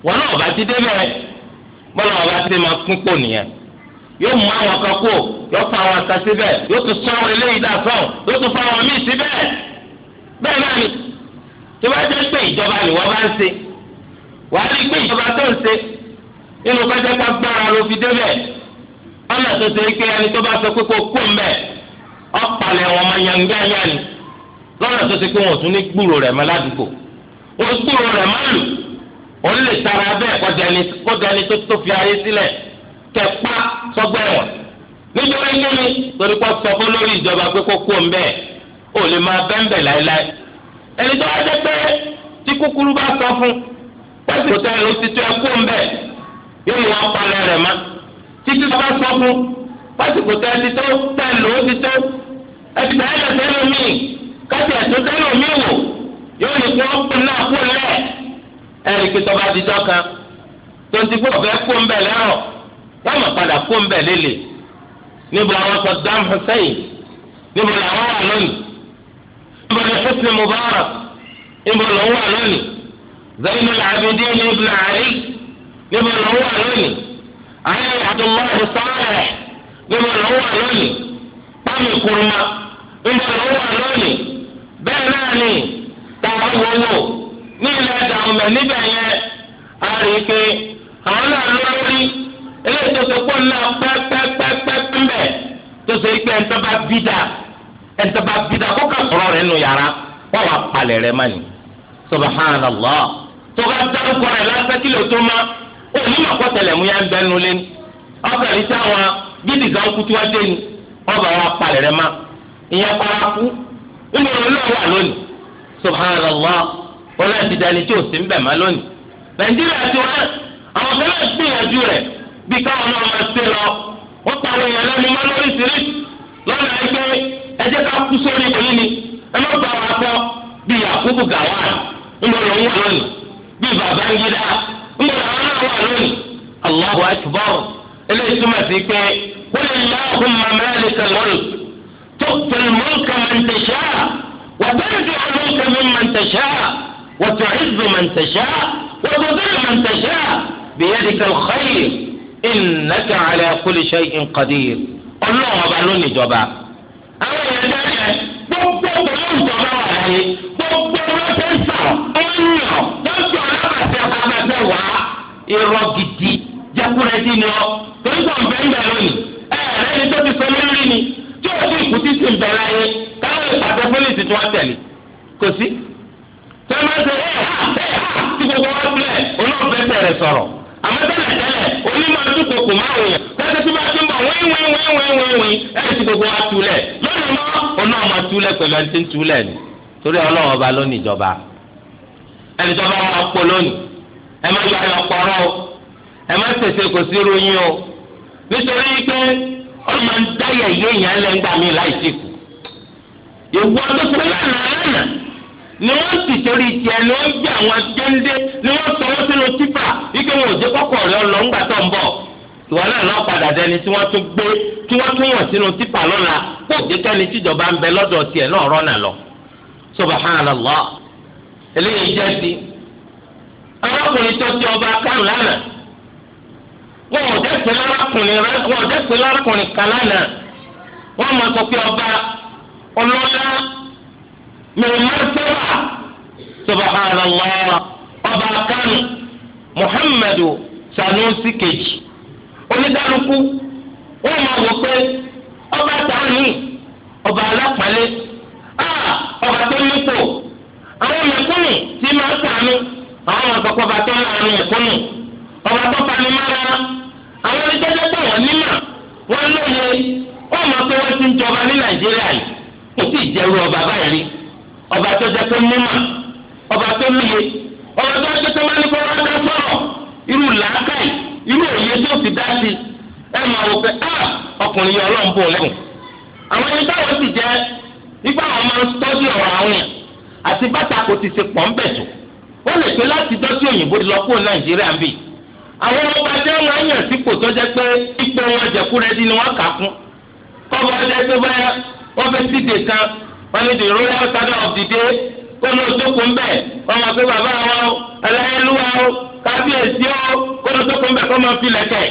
wọn náà bá ti débẹ̀ bọ́lá ọba ti máa pín pò nìyẹn yóò mú àwọn kan kú yóò fa àwọn kan síbẹ̀ yóò tún sọ eléyìí dà sọ̀n yóò tún fa àwọn míì síbẹ̀ bẹ́ẹ̀ náà ni tí wọ́n jẹ́ pé ìjọba ni wọ́n bá ń ṣe wàá rí pé ìjọba tó ń ṣe nínú pẹ́tẹ́pẹ́ gbára ló fi débẹ̀ ọ̀nà tó ṣe pé ẹni tó bá sọ pé kó kú mbẹ́ ọ̀pàlẹ̀ wọn máa yan yáyá ni lọ́nà tó ṣe pé wọn ò tún ní gbúrò rẹ̀ mọ́ ládùúgbò wọn gbúrò rẹ̀ mọ́ lù wọn lè tara bẹ́ẹ̀ kọjá ẹni tó tó fi ayé sílẹ̀ kẹpa sọgbẹ́ wọn nítorí kí ni torí kó sọ fún lórí ìjọba pé kó kú mbẹ́ẹ̀ ò lè máa bẹ́ńbẹ̀ láéláé ẹni tó wáá dẹ́pẹ́ tí kúkúrú bá sọ fún pẹ́sìkò tẹ́lẹ̀ ló ti tó ẹkú ń bẹ̀ yóò mú wọn pa lẹ́rẹ̀ má títí tó bá sọ fún pẹ́sìkò tẹ́lẹ̀ ti tó tẹ́lẹ̀ ló ti tó ẹtì tẹ́lẹ̀ tẹ́lẹ̀ mí kájà tó tẹ́lẹ̀ mí wò yóò ní kó kún náà kún lẹ̀ ẹ̀rì kí tọ́ba ti tọ́ kan tó ti gbọ́ ọ̀fẹ́ kú ń bẹ̀ lẹ́rọ̀ wọ́n mọ̀ padà kú ń bẹ̀ lélẹ̀ níbo làwọn sọ dáhùn sẹ́yìn níbo làwọn wà lónìí ibùdó Husni Mubarak ibùdó ló wà lónìí Zainul Abidin ibùdó Ali ibùdó ló wà lónìí ayé Abdullahi Saleh ibùdó ló wà lónìí Pami Kurma ibùdó ló wà lónìí bẹ́ẹ̀ náà ni tààrà wọlọ ní ilẹ̀ dàmẹ́ níbẹ̀ yẹn àríkè àwọn náà lórí eléyìí tó ṣe pọ̀ náà pẹ́pẹ́pẹ́pẹ́ mbẹ́ tó ṣe pé ẹ̀ ń tọ́ bá bí dáa ẹ̀ńtẹ̀bà bìdà kó ká sọ̀rọ̀ rẹ̀ nù yàrá wọ́n wà palẹ̀ rẹ̀ mọ́ni subhanallah tó bá dárúkọ rẹ̀ lásán kí lè tó má òní mà kọ́ tẹ̀lẹ̀mú yá ń bẹ́ nu lé ní ọkàn ní sáwọn gidi gan kutu wá dé ni wọ́n bá wà palẹ̀ rẹ̀ má ìyẹn para kú nínú olóòwò wà lónìí subhanallah olóòwò ti dání tí ò sí ń bẹ̀ má lónìí nàìjíríà ti wọ́n àwọn kan gbìyànjú rẹ̀ bí káwọn náà máa lọ wọ́n pariwo yẹn lẹ́nu má lóríṣiríṣi lọ́nà ẹgbẹ́ ẹ jẹ́ ká kú sórí èyí ni ẹ má gba wa kọ́ bí Yakubu Gawan ńlọrọ ń wà lónìí bí Babangida ńlọrọ ń wà lónìí Allahu akbar eléyìí túmọ̀ sí pé wọ́n lè yá ọ̀hún mamá ẹ̀ تؤتي الملك من تشاء وتنزع الملك ممن تشاء وتعز من تشاء وتذل من تشاء بيدك الخير إنك على كل شيء قدير الله أبا لوني جبا àwọn èèyàn dáná yẹn gbogbo pẹ̀lú ìjọba wà láyé gbogbo wọn fẹ́ sọ ọ̀nà lọ́jọ́ alábàtẹ alábàtẹ wà irọ́ gidi jẹ́kúrẹ́ sí ni ọ torí kò ń bẹ́ ń bẹ̀ lónìí ẹ̀ẹ́dẹ́ ni tó ti sọ lórí ni tí o ti kù ti sì ń bẹ̀ láyé káwọn ìpàdé pólísì tí wọ́n tẹ̀lé kò sí. tẹ́lẹ̀ máa ń sọ ẹ̀ ẹ̀ ẹ̀ tí gbogbo wọn filẹ̀ olóògbé tẹ̀rẹ̀ àmọ́ tẹ́lẹ̀ tẹ́lẹ̀ onímọ̀ dúkò kò máa wòye lọ́sẹ̀ tí bá ti ń bọ̀ wín wín wín wín wín wín ẹ̀rí tí gbogbo wa túlẹ̀ lónìí mọ́ ọ̀nà ọmọ túlẹ̀ pẹ̀lú ẹni tí ń túlẹ̀ ni torí ọlọ́wọ́ ba lónìí ìjọba ẹni tó bá wọn pọ̀ lónìí ẹ má yọ ayọ̀ pọ̀rọ̀ o ẹ má tètè kò sí ròyìn o nítorí pé ọmọ ń dáyẹ̀ yéèyàn lẹ́ngbàmí láì síkù ìwọ́n tó kú lánàá lánàá ni wọ́n sì sori tiẹ̀ ni wọ́n gbé àwọn géńdé ni wọ́n sọ sínú tífà ike wọn ò rẹ lọ ńgbà tó ń náà padà dẹni tí wọ́n tún gbé tí wọ́n tún sínú tífà kó o tíjọba ń bẹ náà lọ. eléyìí sí arákùnrin tó ti ọba kánù wọn ò wọn ò mẹ̀mọ́tọ́bà subhanallah ọba kánú muhammadu sanusi kejì onídàlùkù wọ́n máa wọ ọba tani ọba alápàlẹ́ ọba tó nípò àwọn mẹ̀kúnnù tí máa tànú àwọn ọ̀sọ̀kọ̀ ọba tó ń ọba àwọn onídàlùkù pé wọ́n nímà wọ́n lóye wọ́n máa wọ́n ti ń jọba ní nàìjíríà yìí kò sì jẹ́rú ọba báyìí ọba tó jẹ́ pé mímọ́ ọba tó lóye ọba tó jẹ́ pé mánìkọ bá dá sọ̀rọ̀ irú làákàyè irú òye tó fi dá sí ẹ máa wò pé ah ọkùnrin yọ Ọlọ́run bò lẹ́kùn àwọn ẹni táwọn sì jẹ́ nígbà wọn máa ń tọ́jú ọ̀rọ̀ àwọn yẹn àti bàtà kò ti ṣe pọ̀ ń bẹ̀ tó ó lè pé láti dọ́tí òyìnbó lọ kó Nàìjíríà ń bì àwọn ọba tí wọn máa ń yàn sípò tó jẹ́ pé ipò wọn jẹkúrẹ́dí ni wọ́n kà á fún kọ́ bá jẹ́ pé báyà wọ́n kan wọ́n ní the royal of the day kó ló bẹ́ẹ̀ máa bàbá wa o ẹlẹ́yẹlúwa o kábíyèsí o kó ló sókun bẹ́ẹ̀ kó máa fi lẹ́kẹ̀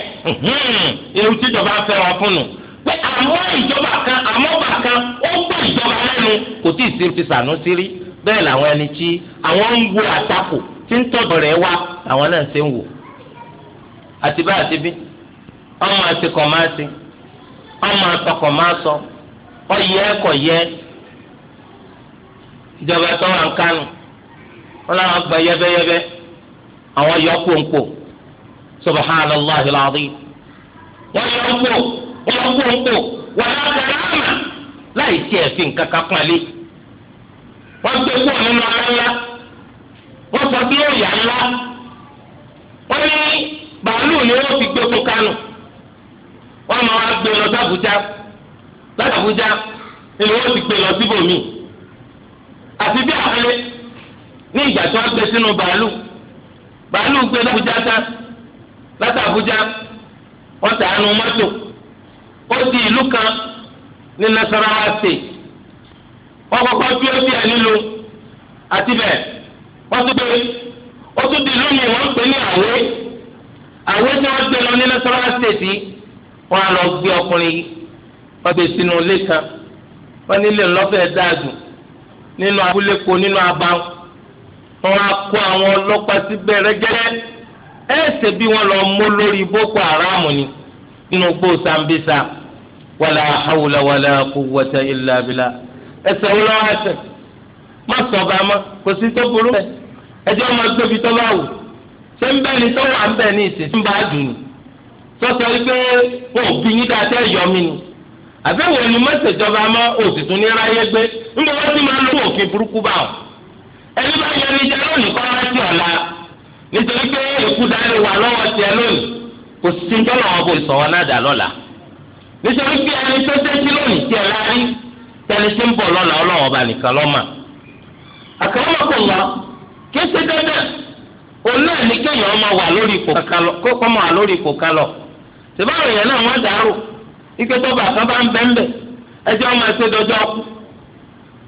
ewu tí ìjọba fẹ́ wọn fún nu pé àmọ́ ìjọba kan àmọ́ bà kan ó ìjọba kò tí ì sí ti sànú sí rí bẹ́ẹ̀ làwọn àwọn ń wo tí ń tọ̀dọ̀ ìjọba tó wà ń kánú wọn làwọn gba yẹbẹyẹbẹ àwọn yọ kóńkó subahana allah alazim wọn yọ kó wọn yọ kóńkó wọn yọ láì fi nǹkan kan wọn ńlá wọn sọ bí ńlá wọn ní bàálù ni wọn fi gbé wọn máa gbé lọ sí àti bí àpẹẹrẹ ní ìgbà tí wọ́n gbé sínú bàálù bàálù gbé lábújá tán látàbújá wọ́n tà á nu mọ́tò ó di ìlú kan ní Nasarawa state wọ́n kọ́kọ́ bí ó bí ẹ nílò àti bẹ́ẹ̀ wọ́n tún gbé ó tún di ìlú mi wọ́n pè ní àwé àwé tí wọ́n gbé lọ ní Nasarawa state yìí lọ gbé ọkùnrin yìí wọ́n gbé sínú ilé kan wọ́n nílé ńlọ́fẹ̀ẹ́ dáadùn nínú abúlépo nínú abawo wọn á kó àwọn ọlọ́pàá síbẹ̀ rẹ́gẹ́rẹ́ ẹ ṣe bí wọn lọ mú lórí boko haram ni nínú gbó sambisa wàlà hawla wàlà quwwata illa billah ẹsẹ wọn lọ ẹsẹ má sọba ma kò sí tó burú bẹ ẹjọ máa tóbi tó bá wù ṣé ń bẹ ní tó wà ń bẹ ní ìsìn tí ń bá dùn ní sọsọ yìí wọn ò bí yín dáadáa yọ mí ni àbẹ̀wò ni mọ́tẹ̀jọba mọ́ òsì tún ní ráyé gbé. ndị wọ́n ti máa ń lo òfin burúkú ẹni bá yẹ ní jẹ́ lónìí wá sí ọ̀la nítorí pé ikú dání wà lọ́wọ́ tiẹ̀ lónìí kò sí wọn náà dà lọ́la nítorí pé ẹni tó lónìí láàrín tẹni tí ń bọ̀ lọ́la ọlọ́wọ́ bá nìkan lọ́mà kí ṣe òun náà ní kéèyàn wà lórí ipò kó kọ́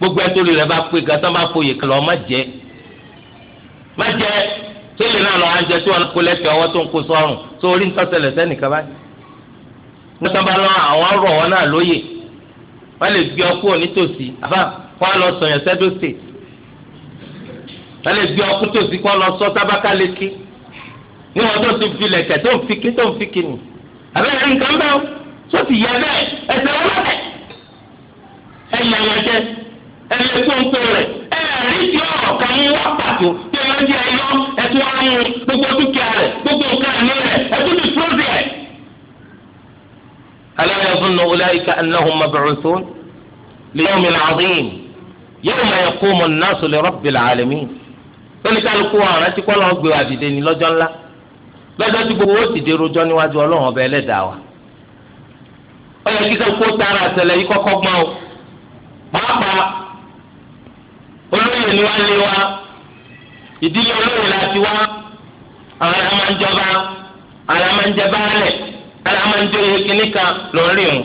gbogbo ẹtọ́lù rẹ̀ bá pé gàtọ́ bá foyè kan lọ́ọ́ má jẹ́ má jẹ́ tẹ́lẹ̀ náà lọ́ọ́ àjẹ tí wọ́n kó lẹ́kẹ̀ẹ́ ọwọ́ tó ń kó sọ́rùn tó orí nǹkan ṣẹlẹ̀ sẹ́nìkan báyìí. gàtọ́ bá lọ àwọn rọ̀ wọn náà lóyè wọ́n lè gbé ọkú onítòsí àbá kọ́ lọ sọ̀yàn sẹ́dó state wọ́n lè gbé ọkú tòsí kọ́ lọ sọ tábàkà lékè ní wọn tó ti filẹ̀ kẹ̀ tó ń fi kí tó ń fi kí ni àbẹ́rẹ́ nǹkan bẹ́ẹ̀ tó ti yẹ bẹ́ẹ̀ ẹ̀sẹ̀ wọn bẹ́ẹ̀ ẹ̀yàn yẹn ẹni tó ń tó rẹ̀ ẹ rí tí ọ̀rọ̀ kan mú wá pàtó tó yọ jẹ́ ẹyọ ẹtú ọ̀run gbogbo dúkìá rẹ̀ gbogbo nǹkan ìní rẹ̀ ẹtú ti tó rẹ̀. ألا يظن أولئك أنهم مبعوثون ليوم عظيم يوم يقوم الناس لرب العالمين oníkálukú ọ̀ràn tí kọ́lọ́ gbé wa dìde ní lọ́jọ́ ńlá lọ́jọ́ tí gbogbo ó dìde rojọ́ níwájú ọlọ́run ọba ẹlẹ́dàá wa. ó kí sẹ́kù tara àtẹlẹ kọ́kọ́ gbọ́n o pàápàá ni wá lé wa ìdílé olówó la wá àwọn ará máa ń jọba ará máa ń jẹ báálẹ̀ ará máa ń kínní kan lọ rí òun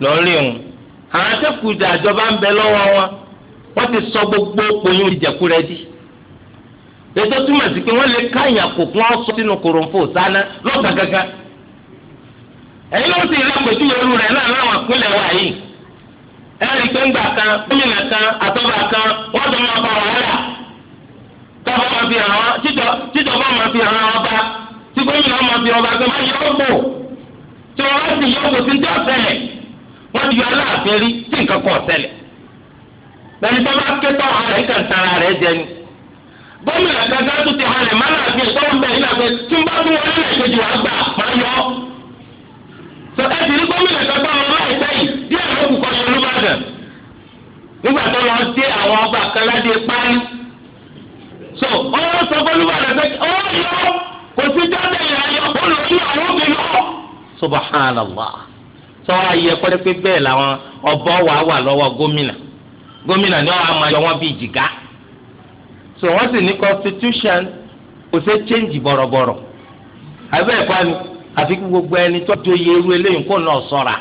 lọ rí òun àwọn ń bẹ wọn ti sọ gbogbo oyún ìjẹ̀kú rẹ di ètò túmọ̀ sí pé wọ́n lè sínú kòròǹfò sáná ẹ̀yin ló rí àpèjúwe rẹ̀ náà láwọn ẹ̀rí gbẹ̀ngbà kan gómìnà kan àtọ́gbà kan wọ́n tó máa bá wàhálà tọ́ba máa fi hàn án títọ́ba máa fi hàn án ọba tí gómìnà máa fi ọba gbẹ máa yọ ọ́gbò tí wọ́n sì yọ ọ́gbò sí ní ọ̀sẹ̀lẹ̀ wọ́n ti yọ aláàfin rí tí nǹkan kan ọ̀sẹ̀lẹ̀ lẹ́ni tó bá ké tọ́ ara rẹ̀ kàn tara rẹ̀ jẹ ni gómìnà kankan nígbà tó lọ dé àwọn ọba kẹlẹ́dẹ̀ pálí so ọwọ́ sọ fún olúbalẹ̀ pé ọwọ́ yọ kò sí jáde ìrìnàjò kó lọ sí àwọn òbí lọ. subhanallah sọ ayẹ pẹlẹpẹ bẹ́ẹ̀ làwọn ọbọ wà wà lọ́wọ́ gómìnà gómìnà ni wọn máa yọ wọn bíi jìgá so wọn sì ní constitution kò sí change bọ̀rọ̀bọ̀rọ̀ abẹ́ ẹ̀kọ́ ni àfi kí gbogbo ẹni tó eléyìí kó náà sọ̀ra.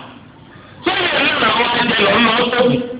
sọ́yìn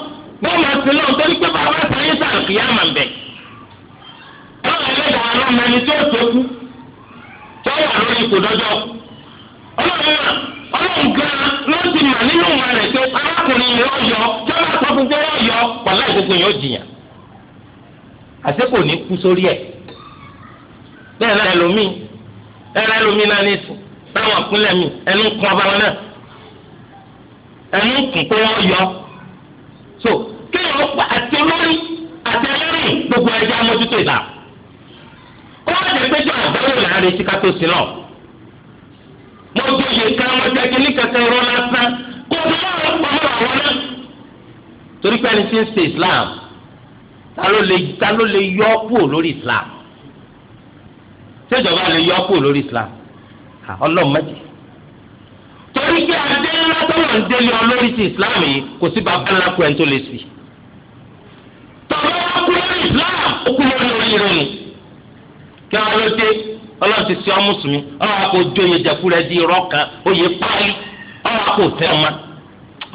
bọ́ọ̀lù ọ̀sìn náà torí pé bàbá sáyé sàn kì í àmà bẹ̀. báwo ẹlẹ́dàá aláma ni tó tó kú tó wà lórí ipò dọ́jọ́ ọlọ́run náà ọlọ́run gan ló ti mà nínú ìwà rẹ̀ pé arákùnrin yóò yọ jọ́lá sọ fún pé yóò yọ pàlá ìgbógun yóò jìyàn àsèkò ní kú sórí ẹ̀ bẹ́ẹ̀ náà ẹlòmíì ẹ̀rọ ẹlòmíì náà ní sùn báwọn àkúnlẹ̀ mi ẹnu kún ọba wọn náà ẹnu kún pé wọ́n yọ so tó ìlà kó wọ́n jẹ́ péjọ àgbáwò là ń retí ká tó sí lọ. mo tó yẹ ká mo jẹ́jẹ́ ní kankan irọ́ lásán kó o tó wọ́n pọ̀ mọ́ àwọn náà. torí pé ẹni tí ń ṣe Islam ta ló lè ta ló lè yọ ọ́ kúrò lórí Islam ṣèjọba lè yọ ọ́ kúrò lórí Islam ọlọ́mọdé torí pé adé ńlá tó wà ń délé ọ lórí ti Islam yìí kò sí bàbá ńlá kú ẹni tó lè sí i ó kú lórí oríire nù kí wọn ló dé ọlọ́run ti sọ mùsùlùmí ọlọ́run kò jó oyè jẹ̀kú rẹ di irọ́ kan oyè páálí ọlọ́run kò tẹ́ ọmọ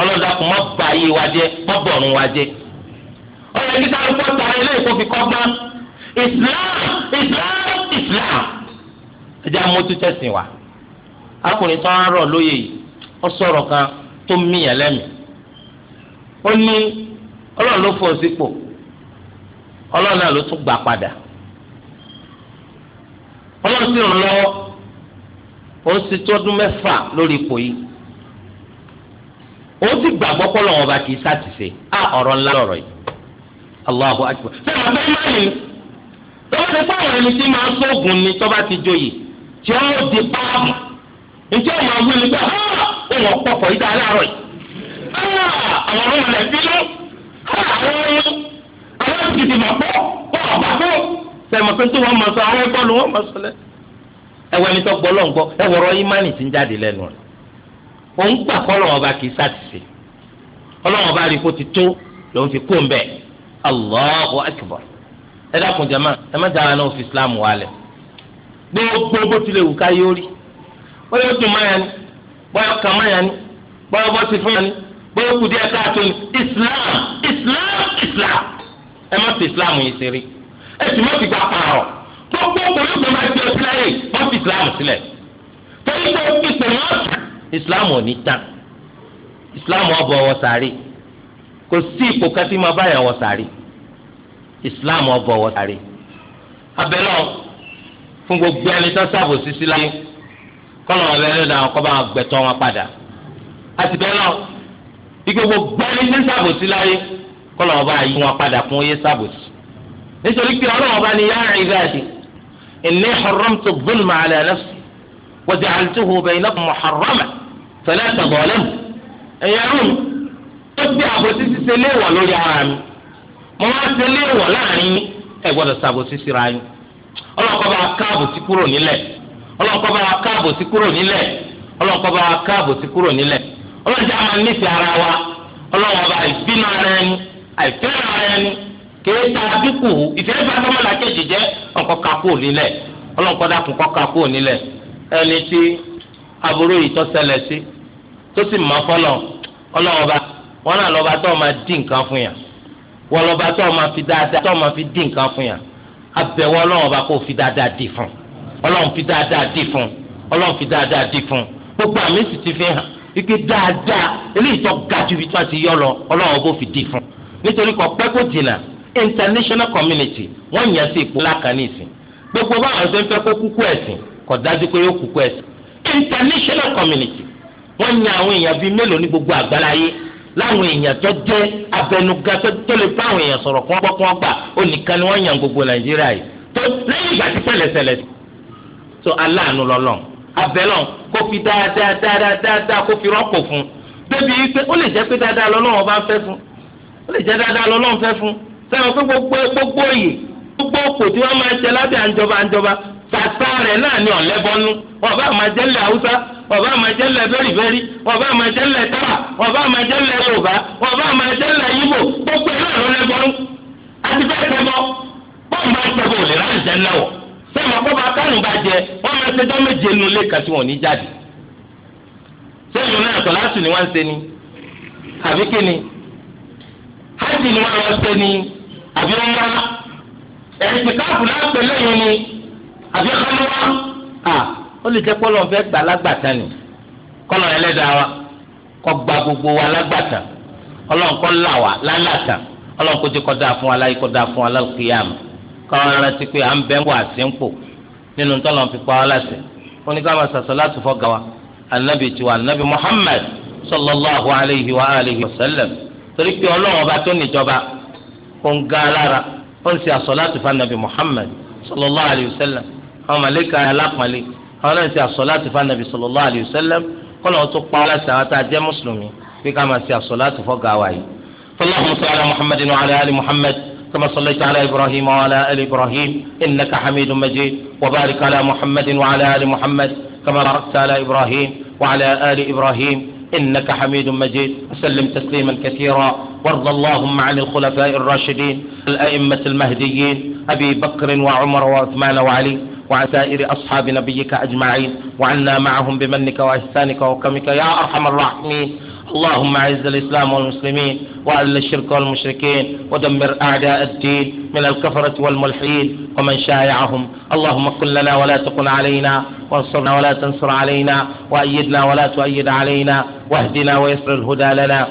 ọlọ́run dàkú mọ́ bá ayé wa jẹ́ mọ́ bọ̀rùn kí sáré fún ọ̀tàrà ilé ìkó fi kọ́gbọ́n Islam Islam Islam ẹjẹ́ amótú tẹ̀sìn wa akùnrin tó ń rọ̀ lóye yìí ó sọ̀rọ̀ kan tó míyàn lẹ́mìí ó ní ọlọ́run ló fọ́ sípò ọlọ́run náà ló tún gbà padà ọlọ́run sì ràn lọ́wọ́ ó sì tọ́dún mẹ́fà lórí ipò yìí ó sì gbàgbọ́ pọ́lọ́ wọn bá kì í sàtìsẹ́ á ọ̀rọ̀ ńlá lọ́rọ̀ yìí Allahu akbar sẹ́yìn àbẹ́ mẹ́rin ni tọ́wọ́ ti fáwọn ẹni tí máa sóògùn ni tọ́ba ti joyè tí ó di páàmù njẹ́ ọmọ àwọn ẹni bẹ́ẹ̀ ó ah, wọ́n pọ̀pọ̀ yìí sì ti mọ̀ pọ̀ pọ̀ ọ̀gbà tó. sẹ́mi pé tí wọ́n mọ̀ sọ àwọn ẹ̀kọ́ ló wọ́n mọ̀ sọ lẹ́. ẹ̀wọ̀n ẹni tó gbọ́ lọ́n gbọ́ ẹ̀wọ̀rọ̀ ìmánì ti ń jáde lẹ́nu rẹ̀. òun gbà kọ́ lọ́wọ́ bá kì í sàtìsì ọlọ́wọ́ bá rí kó ti tó lòun fi kó ń bẹ̀ Allahu akbar ẹ dákun jama ẹ má dára náà fi Islam wálẹ̀ gbogbo bó tilẹ̀ wù ká yóò rí wọ́n yóò dùn máyà ni bọ́yọ̀ kà máyà ni bọ́yọ̀ ti fún yà ni bọ́yọ̀ kù díẹ̀ ni Islam Islam Islam ẹ má fi islam yìí ṣeré ẹ sì má fi gbà pààrọ̀ gbogbo ọkùnrin tó máa gbé ọsílẹ̀ yìí má fi islam sílẹ̀ torí pé ó fi pẹ̀lú ọ̀sán islam ò ní tán islam ọbọ wọ sàárì kò sí ipò kan tí máa báyà wọ sàárì islam ọbọ wọ sàárì abẹ́lẹ́ fún gbogbo ẹni tó sábò sísí láyé kọ́nà ọ̀lẹ́lẹ́ náà kọ́ bá gbẹ̀tọ́ wọn padà àti bẹ́ẹ̀ náà ìgbogbo gbẹ́ni tó sábò sí láyé. kọ́lọ̀ ọba yìí wọn padà kún oyè sábòsì nítorí pé ọlọ́wọ́ bá ní yá ibadi inni harramtu ala nafsi wa ja'altuhu baynakum muharraman fala tadhalamu ẹ̀yà rúùn ó gbé àbòsí ṣíṣe léèwọ̀ lórí ara mi mo máa ṣe léèwọ̀ láàrin ẹ̀ gbọ́dọ̀ ṣàbòsí síra yín ọlọ́kọ́ bá káàbòsí kúrò nílẹ̀ ọlọ́kọ́ bá káàbòsí káàbòsí kúrò àìfẹ́ràn ara ẹni kìí ta dínkù ìfẹ́ bá tọ́mọ làkejì jẹ́ ọ̀kọ́ kakú nílẹ̀ ọlọ́nkọ́ dàkún kọ́ kakú nílẹ̀ ẹni tí aburú yìí tọ́ ṣẹlẹ̀ sí tó sì mọ fọlọ́ ọlọ́ọ̀ba wọn náà lọ́ba tó máa dì nǹkan fún yàn wọn lọ́ba tó máa fi dáadáa tó máa fi dì nǹkan fún yàn abẹ́wọ́ ọlọ́ọ̀ba kò fi dáadáa dì fún ọlọ́ọ̀n fi dáadáa dì fún ọlọ́ọ̀n fi dáadáa dì fún gbogbo àmì sì ti fi hàn ike dáadáa eléyìí tó ga ju ibi tó ti yọ lọ ọlọ́wọ́ bó fi di fún nítorí kò pẹ́ jìnnà international community wọ́n yàn sí ipò lákàní ìsìn gbogbo báwọn ṣe ń fẹ́ kó kúkú ẹ̀sìn kò dájú pé yóò kúkú ẹ̀sìn international community wọ́n yan àwọn èèyàn bíi mélòó ní gbogbo àgbáláyé láwọn èèyàn tó jẹ́ abẹnuga tó lè bá àwọn èèyàn sọ̀rọ̀ kán gbọ́kán gbà ó nìkan ni wọ́n yan gbogbo nàìjíríà yìí tó lẹ́yìn ìgbà tí pẹ̀lẹ́sẹ̀lẹ̀ tó aláàánú lọ́lọ́n abẹ́lọ́n kó fi dáadáa dáadáa dáadáa kó fi rọ́pò fún un débi wípé ó lè jẹ́ pé dáadáa lọ́lọ́wọ́ bá ń fẹ́ fún ó lè jẹ́ dáadáa lọ́lọ́run fẹ́ fún sẹ́wọ̀n pé gbogbo gbogbo òye gbogbo òkò tí wọ́n máa ń lábẹ́ àǹjọba àǹjọba tàtà rẹ̀ náà ni ọ̀lẹ́bọ́nú ọba àmàjẹ́lẹ̀ haúsá ọba àmàjẹ́lẹ̀ bẹ́rìbẹ́rì ọba àmàjẹ́lẹ̀ tábà ọba àmàjẹ́lẹ̀ yorùbá ọba àmàjẹ́lẹ̀ yíbò gbogbo náà lọ́lẹ́bọ́nú àti bọ́ọ̀ máa ń náà wọ̀ sẹ́wọ̀n kọ́ bá kánù bá jẹ wọ́n máa ṣe dán méje nu wọ́n ní jáde náà tọ́lá hajj ni wọ́n lọ ni àbí wọ́n wá ẹ̀rí káàpù náà pẹ̀lú ẹ̀yìn ni àbí wọ́n wá. ó lè jẹ́ fẹ́ gbà lágbàtà ni kọ́lọ̀ ẹlẹ́dàá wa kọ́ gba wa lágbàtà ọlọ́run là wá lálàtà ọlọ́run ti fún wa láyé fún wa lálùkìyàmù pé à ń bẹ́ nínú tọ́lọ̀ fi pa láṣẹ torí pé ọlọ́run ọba tó níjọba ó ń ga alára ó ń ṣe àsọ̀láàtù fanabi muhammed sallallahu alayhi wa sallam àwọn màlẹ́kà alápàlẹ́ àwọn náà ń ṣe àsọ̀láàtù fanabi sallallahu alayhi wa sallam kọ́nà ó tó pa ọ́ láti àwọn tá a jẹ́ mùsùlùmí pé ká máa ṣe àsọ̀láàtù fọ́gà wa yìí. sallallahu ala muhammed wa ala ali muhammed كما صليت على إبراهيم وعلى آل إبراهيم إنك حميد مجيد وبارك على محمد وعلى آل محمد كما باركت على إبراهيم وعلى آل إبراهيم إنك حميد مجيد وسلم تسليما كثيرا وارض اللهم عن الخلفاء الراشدين الأئمة المهديين أبي بكر وعمر وعثمان وعلي وعن سائر أصحاب نبيك أجمعين وعنا معهم بمنك وإحسانك وكرمك يا أرحم الراحمين اللهم أعز الإسلام والمسلمين وأذل الشرك والمشركين ودمر أعداء الدين من الكفرة والملحدين ومن شايعهم اللهم كن لنا ولا تكن علينا وانصرنا ولا تنصر علينا وأيدنا ولا تؤيد علينا واهدنا ويسر الهدى لنا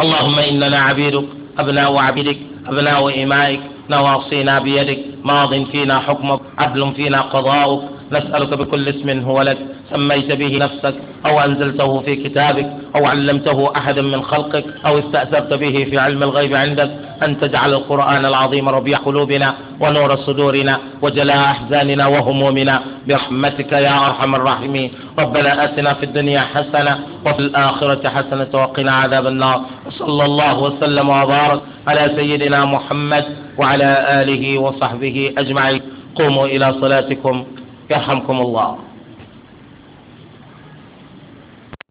اللهم إننا عبيدك أبناء عبيدك أبناء إمائك نواصينا بيدك ماض فينا حكمك عدل فينا قضاؤك نسألك بكل اسم هو لك سميت به نفسك أو أنزلته في كتابك أو علمته أحدا من خلقك أو استأثرت به في علم الغيب عندك أن تجعل القرآن العظيم ربيع قلوبنا ونور صدورنا وجلاء أحزاننا وهمومنا برحمتك يا أرحم الراحمين ربنا آتنا في الدنيا حسنة وفي الآخرة حسنة وقنا عذاب النار صلى الله وسلم وبارك على سيدنا محمد وعلى آله وصحبه أجمعين قوموا إلى صلاتكم يرحمكم الله